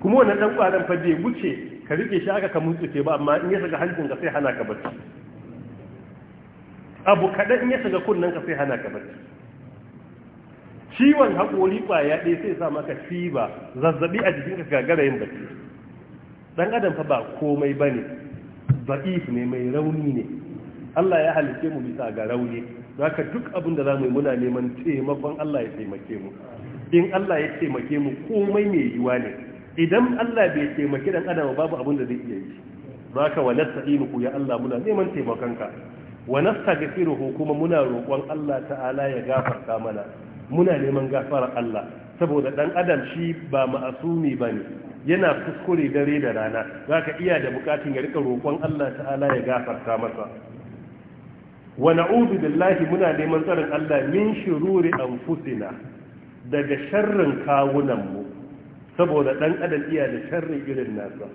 kuma wannan dan kwaran fa bai wuce ka rike shi aka ka mutsuke ba amma in ya shiga hancinka sai hana ka bacci abu kaɗan in ya shiga kunnen ka sai hana ka bacci ciwon haƙori ƙwaya ɗaya sai sa maka fiba zazzabi a jikinka gagara yin bacci dan adam fa ba komai ba ne. ba'if ne mai rauni ne Allah ya halice mu bisa ga rauni Za ka duk abin da mu yi muna neman taimakon Allah ya taimake mu in Allah ya taimake mu komai mai yiwa ne idan Allah bai taimake dan adam babu abin da zai iya yi Za ka wa ku ya Allah muna neman taimakon ka. wa nastaghfiruhu kuma muna roƙon Allah ta'ala ya gafarta mana muna neman gafarar Allah saboda dan adam shi ba ma'asumi ba ne, yana kuskure dare da rana zaka iya da bukatun ya rika roƙon Allah ta'ala ya gafarta masa wa na'udhu billahi muna neman tsarin Allah min shururi anfusina daga sharrin kawunan mu saboda dan adam iya da sharrin irin nasa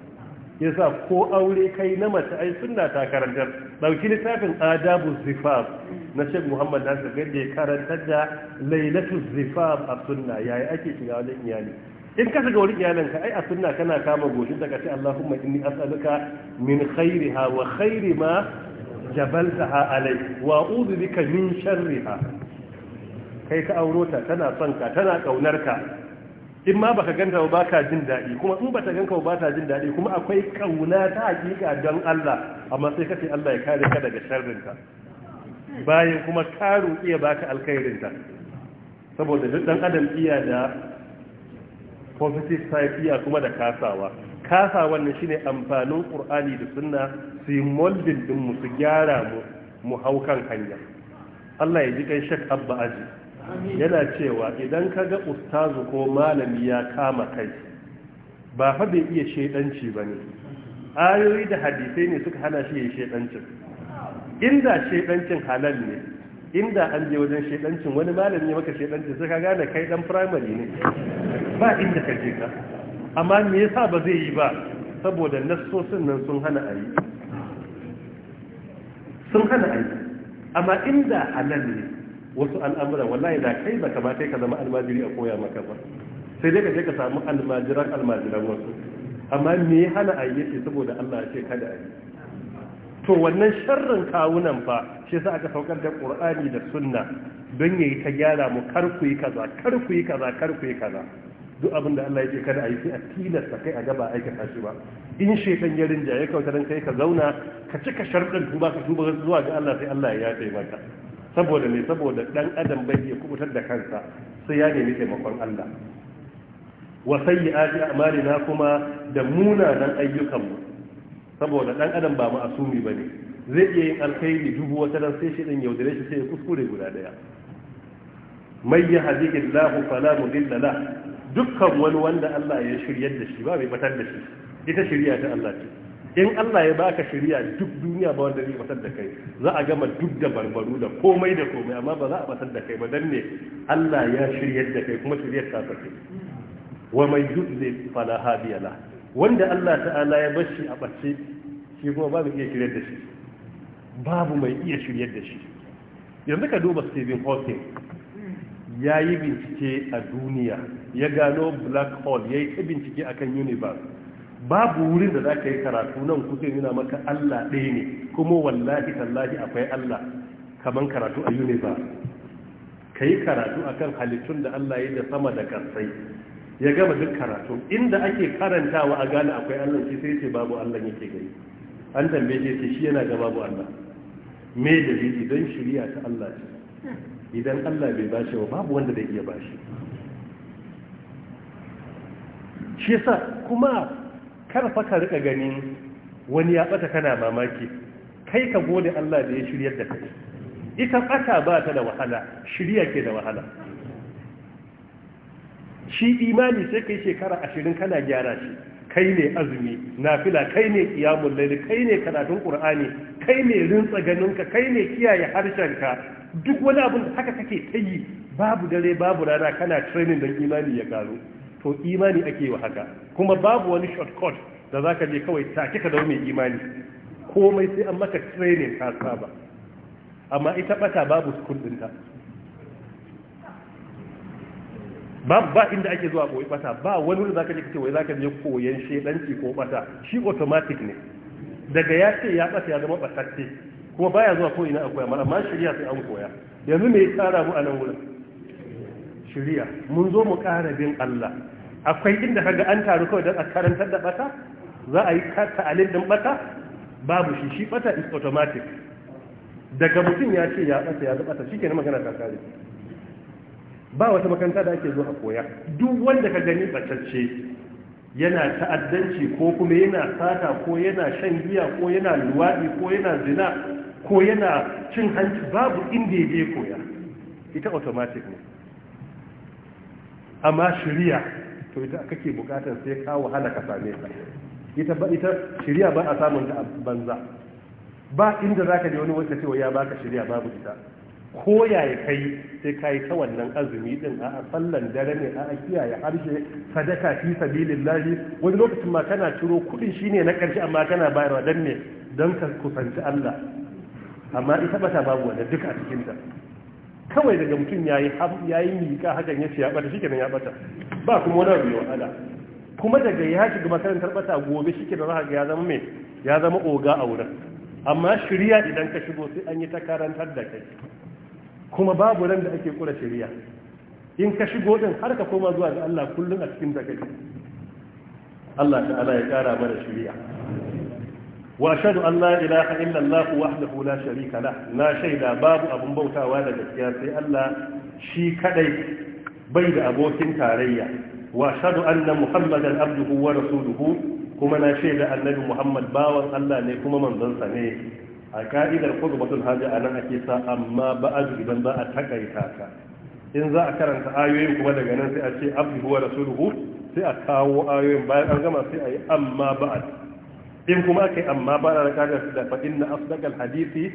yasa ko aure kai na mace ai sunna ta karantar Ɗauki littafin adabu zifaf na shek Muhammad Nasir gadda karantar da lailatul zifaf a sunna yayi ake shiga wajen iyali in ka shiga wurin iyalanka ai a sunna kana kama goshin daga ce Allahumma inni as'aluka min khairiha wa khairi ma jabaltaha alai wa a'udhu bika min sharriha kai ka auro ta tana son ka tana ƙaunar ka in ma baka ganta ba baka jin daɗi kuma in bata ganka ba ta jin daɗi kuma akwai kauna ta hakika don Allah amma sai kace Allah ya kare ka daga sharrinta bayan kuma ka roƙi ya baka alkhairinta saboda duk dan adam iya da positive side iya kuma da kasawa kasawan ne shine amfanin Qur'ani da Sunna su yi molding din mu su gyara mu mu hau kan hanya Allah ya ji kai shak abba aji yana cewa idan ka ga ustazu ko malami ya kama kai ba fa bai iya shedanci ba ne ayoyi da hadisai ne suka hana shi ya yi shedancin inda shedancin halal ne inda an je wajen shedancin wani malami maka shedancin sai ka gane kai dan primary ne ba inda ka je ka amma me yasa ba zai yi ba saboda nassosin nan sun hana a yi sun hana a yi amma inda halal ne wasu al'amura wallahi da kai ba kamata ka zama almajiri a koya maka ba sai dai ka je ka samu almajiran almajiran wasu amma me ya hana ayyace saboda Allah ya ce kada a to wannan sharrin kawunan fa shi yasa aka saukar da Qur'ani da Sunna don yayi ta gyara mu kar ku yi kaza kar ku yi kaza kar ku yi kaza duk abin da Allah ya ce kada a sai a tilasta kai a gaba aikata shi ba in shekan ya rinja ya kautar kai ka zauna ka cika sharɗin tuba ka tuba zuwa ga Allah sai Allah ya yafe maka saboda ne saboda dan adam bai iya kubutar da kansa sai ya nemi taimakon Allah wa sayyi'ati a'malina kuma da munanan ayyukanmu saboda dan adam ba mu asumi bane zai iya yin alkhairi dubu wata dan sai shi din yaudare shi sai ya kuskure guda daya mai ya Allah fala mudilla la dukkan wani wanda Allah ya shiryar da shi ba mai batar da shi ita shiriya ta Allah ce in Allah ya baka shari'a duk duniya ba wanda zai batar da kai za a gama duk da barbaru da komai da komai amma ba za a batar da kai ba dan ne Allah ya shirya da kai kuma shiryar ta kai wa mai zai fala hadiya Ala. wanda Allah ta'ala ya bashi a bace shi kuma babu iya shirya da shi babu mai iya shirya da shi yanzu ka duba Stephen Hawking ya yi bincike a duniya ya gano black hole ya yi bincike akan universe babu wurin da za ka yi karatu nan kusa yana maka Allah ɗaya ne kuma wallahi tallahi akwai Allah kamar karatu a ba ka yi karatu akan halittun da Allah ya da sama da karsai ya gama duk karatu inda ake karantawa a gane akwai Allah shi sai ce babu Allah yake gari an tambaye ce shi yana ga babu Allah me dalili don shirya ta Allah ce idan Allah bai bashi wa babu wanda zai iya bashi shi yasa kuma karfa ka rika ganin wani ya bata kana mamaki kai ka gode Allah da ya shiryar da kai ita bata ba ta da wahala shirya ke da wahala shi imani sai kai shekara ashirin kana gyara shi kai ne azumi nafila kai ne kiyamun laili kai ne karatun qur'ani kai ne rintsa ganinka kai ne kiyaye harshen ka. duk wani abu da haka kake ta babu dare babu rana kana training don imani ya karu to imani ake yi wa haka kuma babu wani shortcut da za ka je kawai ta kika zama mai imani komai sai an maka training ta saba amma ita bata babu school dinta babu ba inda ake zuwa koyi bata ba wani wanda zaka je kace wai zaka je koyon shedanci ko bata shi automatic ne daga ya ce ya bata ya zama batacce kuma baya zuwa ko ina akwai amma amma sai an koya yanzu me ya tsara mu a nan wurin shirya mun zo mu ƙara bin Allah akwai inda kaga an taru kawai don a karantar da bata za a yi ta'alin din bata babu shi shi bata is automatic daga mutum ya ce ya bata ya bata na magana ta kare ba wata makaranta da ake zo a koya duk wanda ka gani batacce yana ta'addanci ko kuma yana fata ko yana shan giya ko yana luwaɗi ko yana zina ko yana cin hanci babu inda ya je koya ita automatic ne amma shirya to ita kake bukatar sai ka wahala ka same ta ita ba ita shirya ba a samun ta a banza ba inda zaka je wani wanda cewa ya baka shirya babu ita ko yaya kai sai ka yi ta wannan azumi din a sallan dare ne a kiyaye harshe sadaka fi sabilillahi wani lokacin ma kana ciro kudin shine na karshe amma kana bayarwa dan ne dan ka kusanci Allah amma ita bata babu wannan duka a cikin ta kawai daga mutum ya yi miƙa hakan ya ce ya bata shikenan ya ɓata ba kuma wani abu wahala kuma daga ya ga makarantar bata gobe shikenan za ga ya zama mai ya zama oga a wurin amma shirya idan ka shigo sai an yi ta karantar da kai kuma babu ran da ake kura shirya in ka shigo din har ka koma zuwa ga Allah kullum a cikin da Allah ya kara mana shirya واشهد ان لا اله الا الله وحده لا شريك له لا شيدا باب abun bautawa da gaskiya sai Allah shi kadai bai da abokin tarayya wa ashhadu anna muhammadan abduhu wa rasuluhu kuma na shaida annabi muhammad bawan Allah ne kuma manzon sa ne a ka'idar khutbatul hajj anan ake sa amma ba'd idan za a takaita ka in za a karanta ayoyin kuma daga nan sai a ce abduhu wa rasuluhu sai a kawo ayoyin bayan an gama sai a yi amma ba'd in kuma aka yi amma ba na raka da da faɗin na asdakal hadisi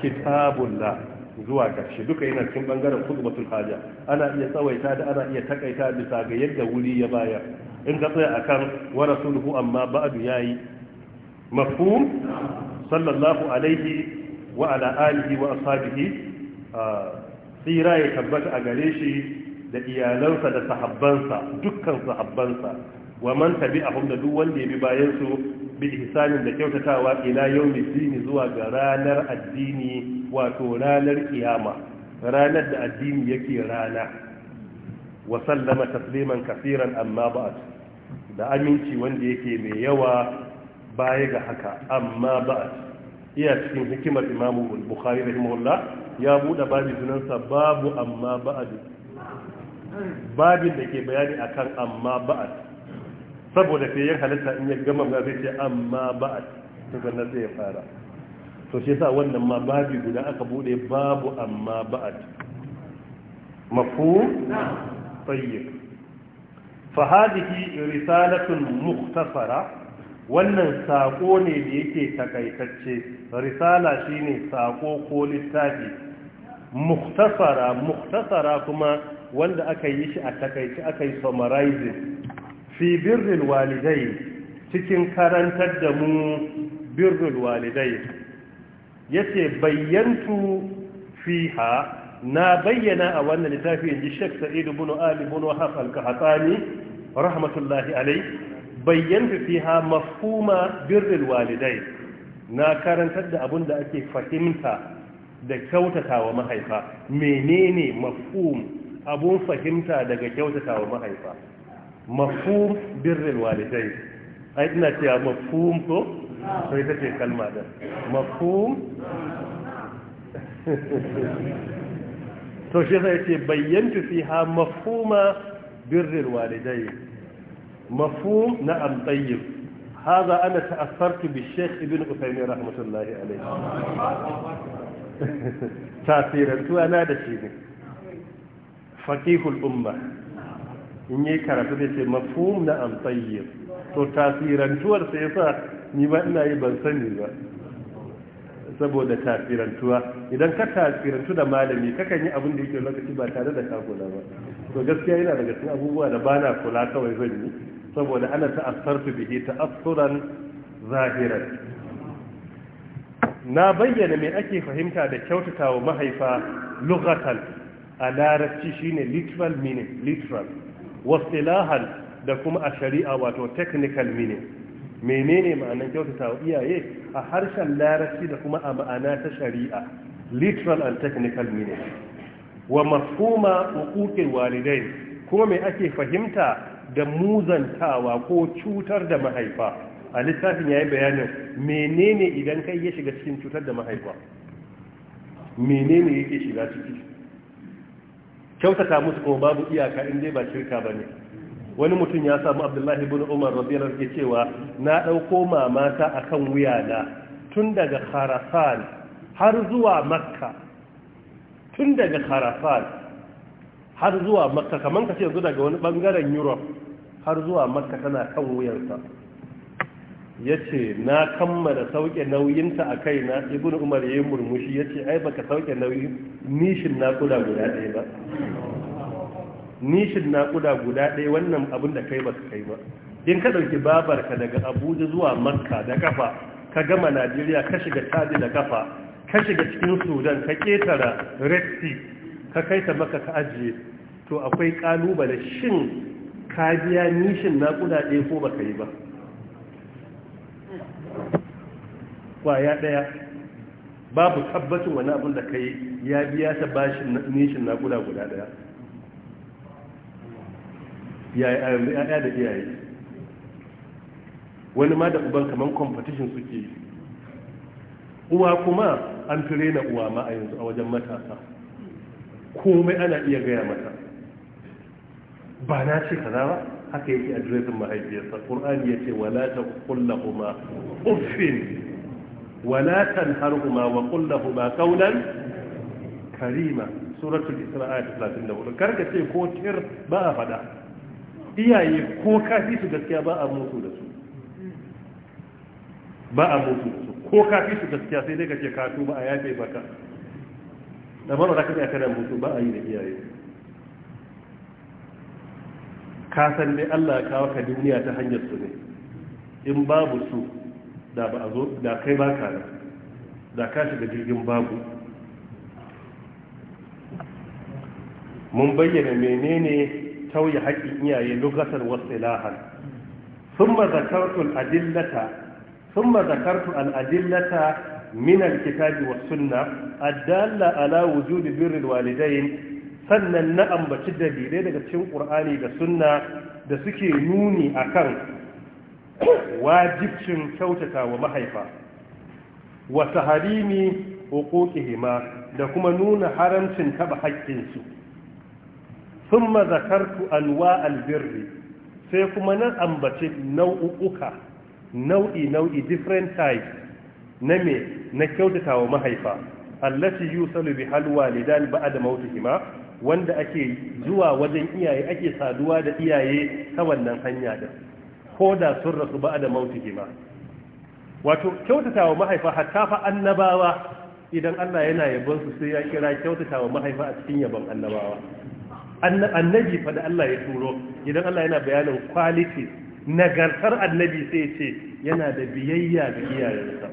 kitabullah zuwa karshe duka yana cikin bangaren khutbatul haja ana iya tsawaita da ana iya takaita bisa ga yadda wuri ya bayar in ka tsaya akan wa rasuluhu amma ba'du yayi mafhum sallallahu alaihi wa ala alihi wa ashabihi ah, tsira ya tabbata a gare shi da iyalansa da sahabbansa dukkan sahabbansa wa man tabi'ahum da duk wanda ya bi bayan su bi ihsanin da kyautatawa ila yaumi dini zuwa ga ranar addini wato ranar kiyama ranar da addini yake rana wa sallama tasliman kafiran amma ba'd da aminci wanda yake mai yawa baya ga haka amma ba'd iya cikin hikimar al bukhari rahimahullah ya buɗe babin sunansa babu amma ba'd babin da ke bayani akan amma ba'd saboda ya halitta in ya gama ma zai ce amma ba a cikin na sai ya fara to shi sa wannan ma babi guda aka bude babu amma ba a mafu tsaye fahadihi risalatun muktasara wannan sako ne da yake takaitacce risala shine sako ko littafi muktasara muktasara kuma wanda aka yi shi a takaice aka yi summarizing fi birrin walidai cikin karantar da mu birrin walidai yace bayyantu fiha na bayyana a wannan littafi inji Sheikh Sa'id ibn Ali ibn Wahab al-Qahtani rahmatullahi alayh bayyantu fiha mafhuma birrul walidai na karantar da abin da ake fahimta da kyautata mahaifa menene mafhum abun fahimta daga kyautatawa mahaifa مفهوم بر الوالدين عندنا تي مفهوم كو سويت تي كلمه مفهوم تو شيخ تي بينت فيها مفهوم بر الوالدين مفهوم نعم طيب هذا انا تاثرت بالشيخ ابن عثيمين رحمه الله عليه تاثيرا تو انا ده شيخ فقيه الامه in yi karatu da ce mafhum na amsayyir to tasirantuwar sai sa ni ba ina yi ban sani ba saboda tasirantuwa idan ka tasirantu da malami kakan yi abin da yake lokaci ba tare da kakula ba to gaskiya yana daga cikin abubuwa da ba na kula kawai zan yi saboda ana ta'assartu bihi ta'assuran zahiran na bayyana me ake fahimta da kyautatawa mahaifa lughatan a larabci shine literal meaning literal wasilahan da kuma a shari'a wato technical meaning menene ma'anar kyautata wa iyaye a harshen larabci da kuma a ma'ana ta shari'a literal and technical meaning wa mafhuma hukukin walidai kuma mai ake fahimta da muzantawa ko cutar da mahaifa a littafin yayi bayanin menene idan kai ya shiga cikin cutar da mahaifa menene yake shiga ciki kyautata musu kuma babu iyaka in dai ba shirka ba ne wani mutum ya samu abdullahi bin umar rabiyar ke cewa na ɗauko mamata akan wuyana tun daga harafal har zuwa makka tun daga harafal har zuwa makka kamar ka ce yanzu daga wani ɓangaren europe har zuwa makka tana kan wuyarsa ya ce na kammala sauke nauyinta a kaina ibn umar ya yi murmushi ya ce ai baka sauke nauyin nishin naƙuda guda ɗaya ba nishin kuda guda ɗaya wannan abin da kai baka kai ba in ka ɗauki babarka daga abuja zuwa makka da kafa ka gama najeriya ka shiga tadi da kafa ka shiga cikin sudan ka ketara red sea ka kai ta maka ka ajiye to akwai ƙalubale shin ka biya nishin nakuda ɗaya ko baka yi ba kwaya daya babu tabbacin wani abin da kai ya biya ta bashin nishin na guda guda daya yaya da iyaye wani ma da uban kamar competition suke uwa kuma an fi rena uwa ma a yanzu a wajen matasa komai ana iya gaya mata ba na ce kaza ba haka yake adiresin mahaifiyarsa ƙur'ani ya ce wala ta kulla kuma uffin ولا تنهرهما وقل لهما قولا كريما سورة الإسراء آية 34 karka ce ko tir ba a iyaye ko kafi su gaskiya ba a mutu da su ba a mutu da su ko kafi su gaskiya sai dai ka ce ka tuba a yafe baka da mara da kaje kana mutu ba a yi da iyaye ka san dai Allah ya kawo ka duniya ta hanyar su ne in babu su da ba a zo da kai ba ka Da da ka shiga jirgin babu mun bayyana menene tauye haƙƙin iyaye lokacin wasu ilahan sun ma zakartun adillata sun ma zakartun al'adillata min alkitabi wa sunna adalla ala wujudi birrul walidain sannan na ambaci dalilai daga cikin qur'ani da sunna da suke nuni akan wajibcin kyautata wa mahaifa wa taharimi hima da kuma nuna haramcin taba haƙƙinsu thumma zakartu anwa' albirri sai kuma na ambaci nau'uka nau'i nau'i different types na me na kyautata wa mahaifa allati yusalu bi halwa lidan ba'da mautihima wanda ake zuwa wajen iyaye ake saduwa da iyaye ta wannan hanya da. ko da sun rasu ba da mautihi ma wato kyautata wa mahaifa hatta fa annabawa idan Allah yana yabon sai ya kira kyautata wa mahaifa a cikin yabon annabawa annabi fa da Allah ya turo idan Allah yana bayanin quality nagartar annabi sai ce yana da biyayya ga iyayensa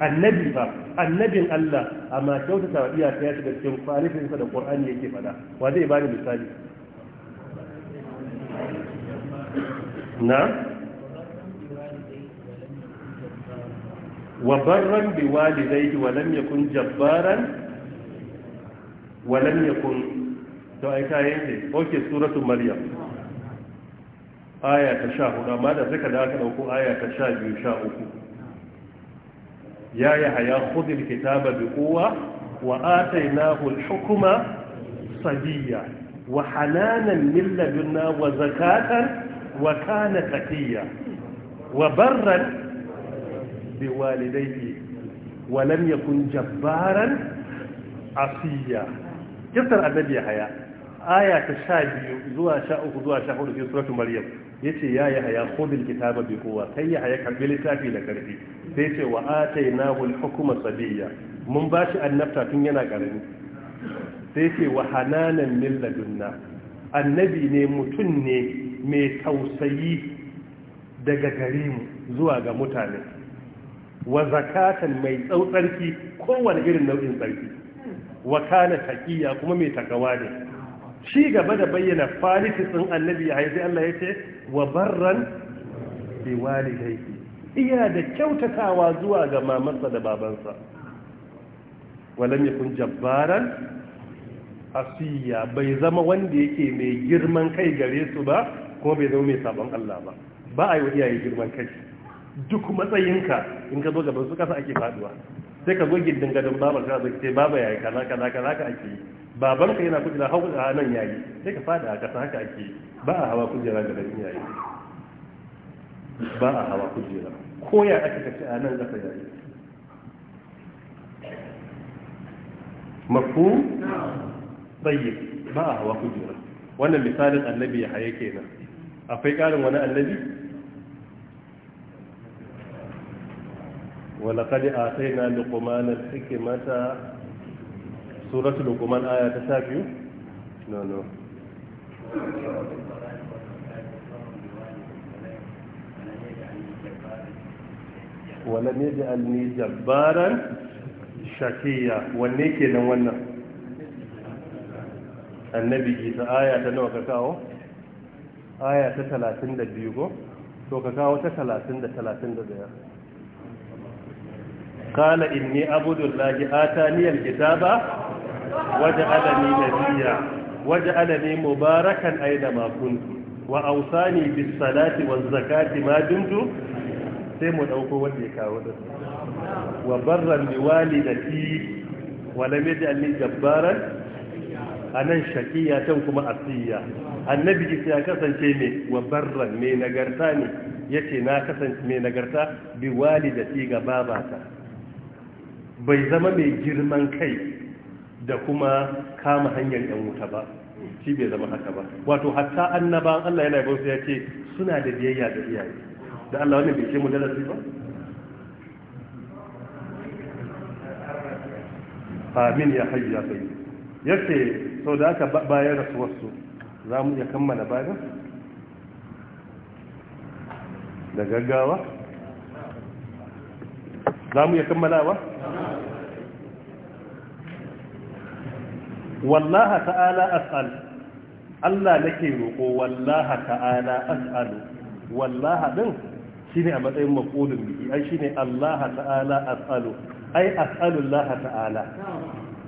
annabi fa annabin Allah amma kyautata wa iyayensa ya shiga cikin quality sa da Qur'ani yake faɗa. wa zai bani misali نعم وبرا بوالديه ولم يكن جبارا ولم يكن دعيك ايه أوكي سورة مريم آية تشاهو ماذا ذكر ذلك أوكو آية تشاهو يشاهو يا يحيى خذ الكتاب بقوة وآتيناه الحكم صبيا وحنانا من لدنا وزكاة wa kana taqiya wa barran biwalidayhi wa lam yakun jabbaran asiya kisar annabi haya aya ta sha biyu zuwa sha uku zuwa sha 14 cikin suratul maryam ya ce ya yahya khudil kitaba bi quwwa kai haya karbi littafi da karfi sai ce wa atainahu al-hukma sabiyya mun bashi annabta tun yana karami sai ce wa hananan min ladunna annabi ne mutum ne mai tausayi daga gare mu zuwa ga mutane wa zakatan mai tsautsarki kowane irin nau'in tsarki wa kana taqiya kuma mai takawa ne shi gaba da bayyana farisisin annabi ya haifi Allah ya ce wa barran bi walidayhi iya da kyautatawa zuwa ga mamansa da babansa walam yakun jabbaran asiya bai zama wanda yake mai girman kai gare su ba kuma bai zama mai sabon Allah ba ba a yi wa iyaye girman kai duk matsayinka in ka zo gaban su kasa ake faduwa sai ka zo gindin gadon babar ka zo ce baba yayi kaza kaza kaza ka ake yi baban ka yana kujera hawa a nan yayi sai ka fada a kasa haka ake yi ba a hawa kujera ga dan iyaye ba a hawa kujera ko ya aka kace a nan kasa yayi mafu tayyib ba a hawa kujera wannan misalin annabi ya haye kenan akwai ƙarin wani annabi wala kadi a sai na lukumana suke mata surat lukuman aya ta sha biyu no no wala ne da alni jabbaran shakiya wanne ke nan wannan annabi gisa aya ta nawa ka kawo? aya ta talatin da biyu ko to ka kawo ta talatin da talatin da daya kala inni abudullahi ataniyal kitaba waj'alani nabiyya waj'alani mubarakan aina ma kuntu wa awsani bis salati waz zakati ma dumtu sai mu dauko wanda ya kawo da wa barran bi walidati wa lam yaj'alni jabbaran a nan tan can kuma asiya annabi isa ya kasance ne wa barran mai nagarta ne ya ce na kasance mai nagarta bi walidati ga babata bai zama mai girman kai da kuma kama hanyar yan wuta ba shi bai zama haka ba wato hatta annaba Allah yana yabon su ya ce suna da biyayya da iyaye da Allah wannan bai ce mu darasi ba amin ya hayya sai yace sau da aka da rasuwarsu za mu iya kammala bayan da gaggawa za mu iya kammalawa wallaha ta'ala as'al Allah nake roƙo wallaha ta'ala as'alu wallaha din shine a matsayin maqulun biki ai shine Allah ta'ala as'alu ai as'alu Allah ta'ala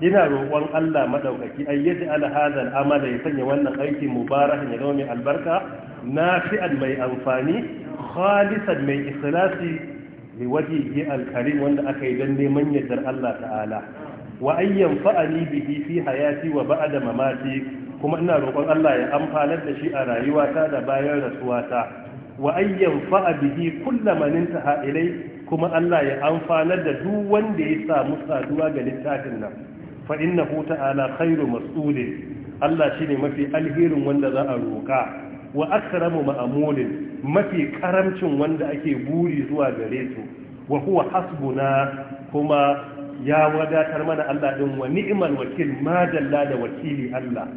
ina roƙon Allah maɗaukaki ay yaj'al hadha al ya sanya wannan aikin Mubaraka ya zama mai albarka nafi'an mai amfani khalisan mai ikhlasi mai wajhihi al-karim wanda aka yi don neman Yadda Allah ta'ala wa ayyan fa'ani bihi fi hayati wa ba'da mamati kuma ina roƙon Allah ya amfanar da shi a rayuwata da bayan rasuwata wa ayyan fa'a bihi kullaman intaha ilai kuma Allah ya amfanar da duk wanda ya samu saduwa ga littafin nan fa innahu ta'ala khairu mas'ulin Allah shine mafi alherin wanda za a roka wa akramu ma'amulin mafi karamcin wanda ake buri zuwa gare su wa kuwa hasbuna kuma ya wadatar mana Allah din wa ni'mal wakil ma dalla da wakili Allah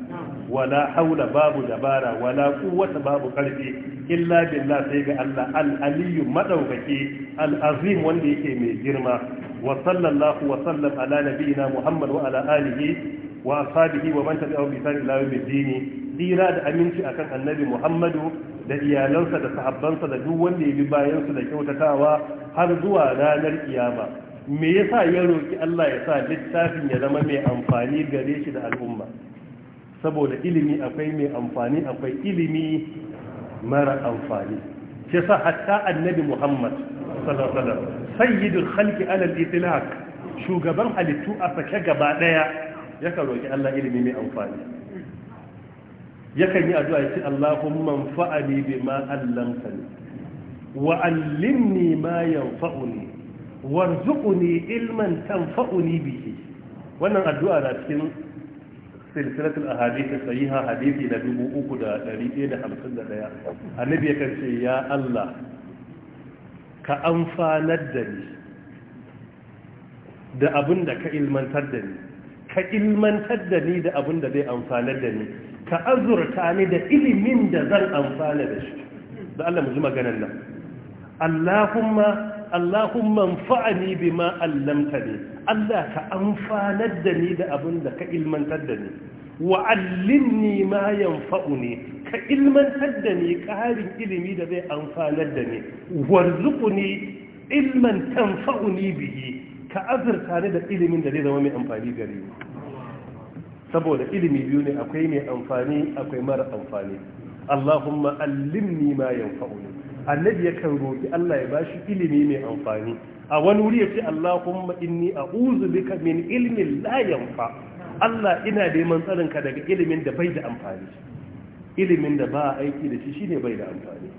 wala haula babu dabara wala quwwata babu karfi illa billah sai ga Allah al-aliyyu madaukaki al-azim wanda yake mai girma wa sallallahu wa sallam ala nabiyina Muhammad wa ala alihi wa ashabihi wa man tabi'ahu bi ihsan ila yawmiddin dira da aminci akan annabi Muhammadu da iyalansa da sahabbansa da duk wanda ya bi bayansu da kyautatawa har zuwa ranar kiyama me yasa ya roki Allah ya sa littafin ya zama mai amfani gare shi da al'umma saboda ilimi akwai mai amfani akwai ilimi mara amfani shi sa hatta annabi Muhammad sallallahu alaihi wasallam sayyidul khalqi ala al shugaban halittu a sake gaba daya ya roki Allah ilimi mai amfani yakan yi addu'a yace Allahumma anfa'ni bima allamtani wa allimni ma yanfa'uni warzuquni ilman tanfa'uni bihi wannan addu'a na cikin silsilatul ahadith sahiha hadisi na 3151 annabi ya kace ya Allah ka amfanar da ni da abin da ka ilmantar da ni ka ilmantar da ni da abin da zai amfanar da ni ka azurta ni da ilimin da zan amfana da shi da Allah mu ji maganar nan Allahumma Allahumma anfa'ani bima allamtani Allah ka amfanar da ni da abin da ka ilmantar da ni wa ni ma yanfa'uni ka ilmantar da ni ƙarin ilimi da zai amfanar da ni warzuquni ilman tanfa'uni bihi ka azurta ni da ilimin da zai zama mai amfani gare ni saboda ilimi biyu ne akwai mai amfani akwai mara amfani Allahumma ni ma yanfa'uni annabi yakan roƙi Allah ya bashi ilimi mai amfani a wani wuri ya ce Allahumma inni a'udhu bika min ilmin la yanfa Allah ina neman yi ka daga ilimin da bai da amfani ilimin da ba aiki da shi shine bai da amfani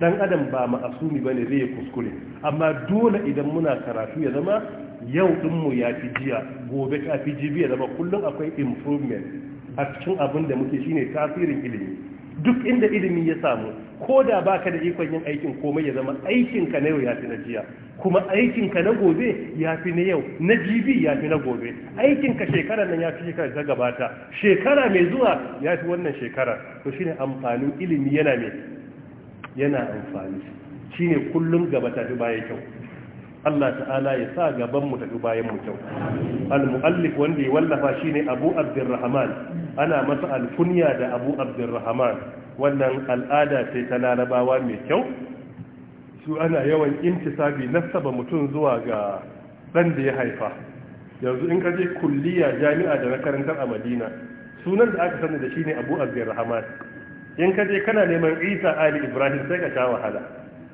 dan adam ba ma'asumi bane zai kuskure amma dole idan muna karatu ya zama yau dinmu ya fi jiya gobe ta fi jibi ya zama kullum akwai improvement a cikin abin da muke shine tasirin ilimi duk inda ilimi ya samu ko da ba ka da ikon yin aikin komai ya zama aikin ka na yau ya fi na jiya kuma aikinka na gobe ya fi na yau na jibi fi na gobe aikin ka shekara nan fi shekara ta gabata shekara mai zuwa ya fi wannan shekarar. to shine amfanin ilimi yana mai yana amfani shine kullum gaba ta fi baya kyau Allah ta'ala ya sa gaban mu tafi bayan mu kyau al-muallif wanda ya wallafa shine Abu Abdurrahman ana masa alkunya da abu abdurrahman wannan al'ada ce ta larabawa mai kyau su ana yawan intisabi nasaba mutum zuwa ga ɗan da ya haifa yanzu in ka je kulliya jami'a da makarantar a madina sunan da aka sani da shi ne abu abdurrahman in kaje kana neman isa ali ibrahim sai ka sha wahala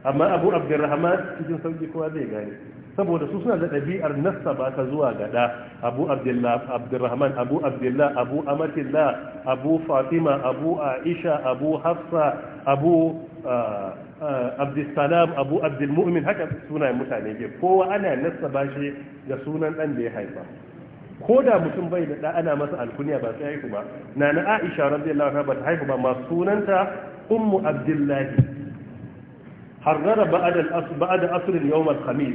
amma abu abdurrahman cikin sauki kowa zai gane saboda su suna da ɗabi'ar nasaba ka zuwa gada, Abu abu abdurrahman abu abdullah abu amatillah abu fatima abu aisha abu hafsa abu uh, uh, abdulsalam abu abdulmu'min haka sunayen mutane ke kowa ana nasaba shi ga sunan ɗan da ya haifa ko da mutum bai da ɗa ana masa alkuniya ba sai haihu ba na na aisha radiyallahu anha ba ta haihu ba ma sunanta ummu abdullahi harrara ba'da asr ba'da asr yawm al-khamis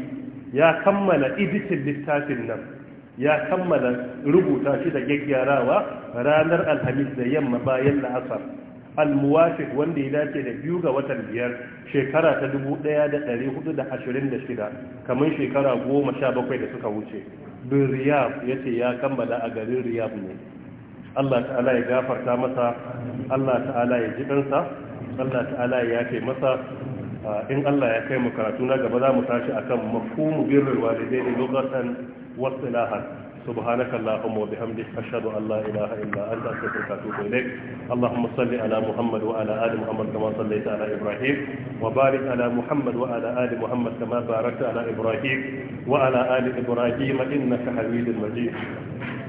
ya kammala idisin littafin nan ya kammala rubuta shi da gyaggyarawa ranar alhamis da yamma bayan la'asar almuwafiq wanda ya dace da biyu ga watan biyar shekara ta 1426 kamar shekara 17 da suka wuce bin riyab ya ce ya kammala a garin riyab ne allah ta'ala ya gafarta masa allah ta'ala ya ji ɗansa allah ta'ala ya yafe masa in Allah ya kai mu karatu na gaba za mu tashi akan mafhumu birrul walidaini lughatan wa istilahan سبحانك اللهم وبحمدك أشهد أن لا إله إلا أنت أستغفرك وأتوب إليك اللهم صل على محمد وعلى آل محمد كما صليت على إبراهيم وبارك على محمد وعلى آل محمد كما باركت على إبراهيم وعلى آل إبراهيم إنك حميد مجيد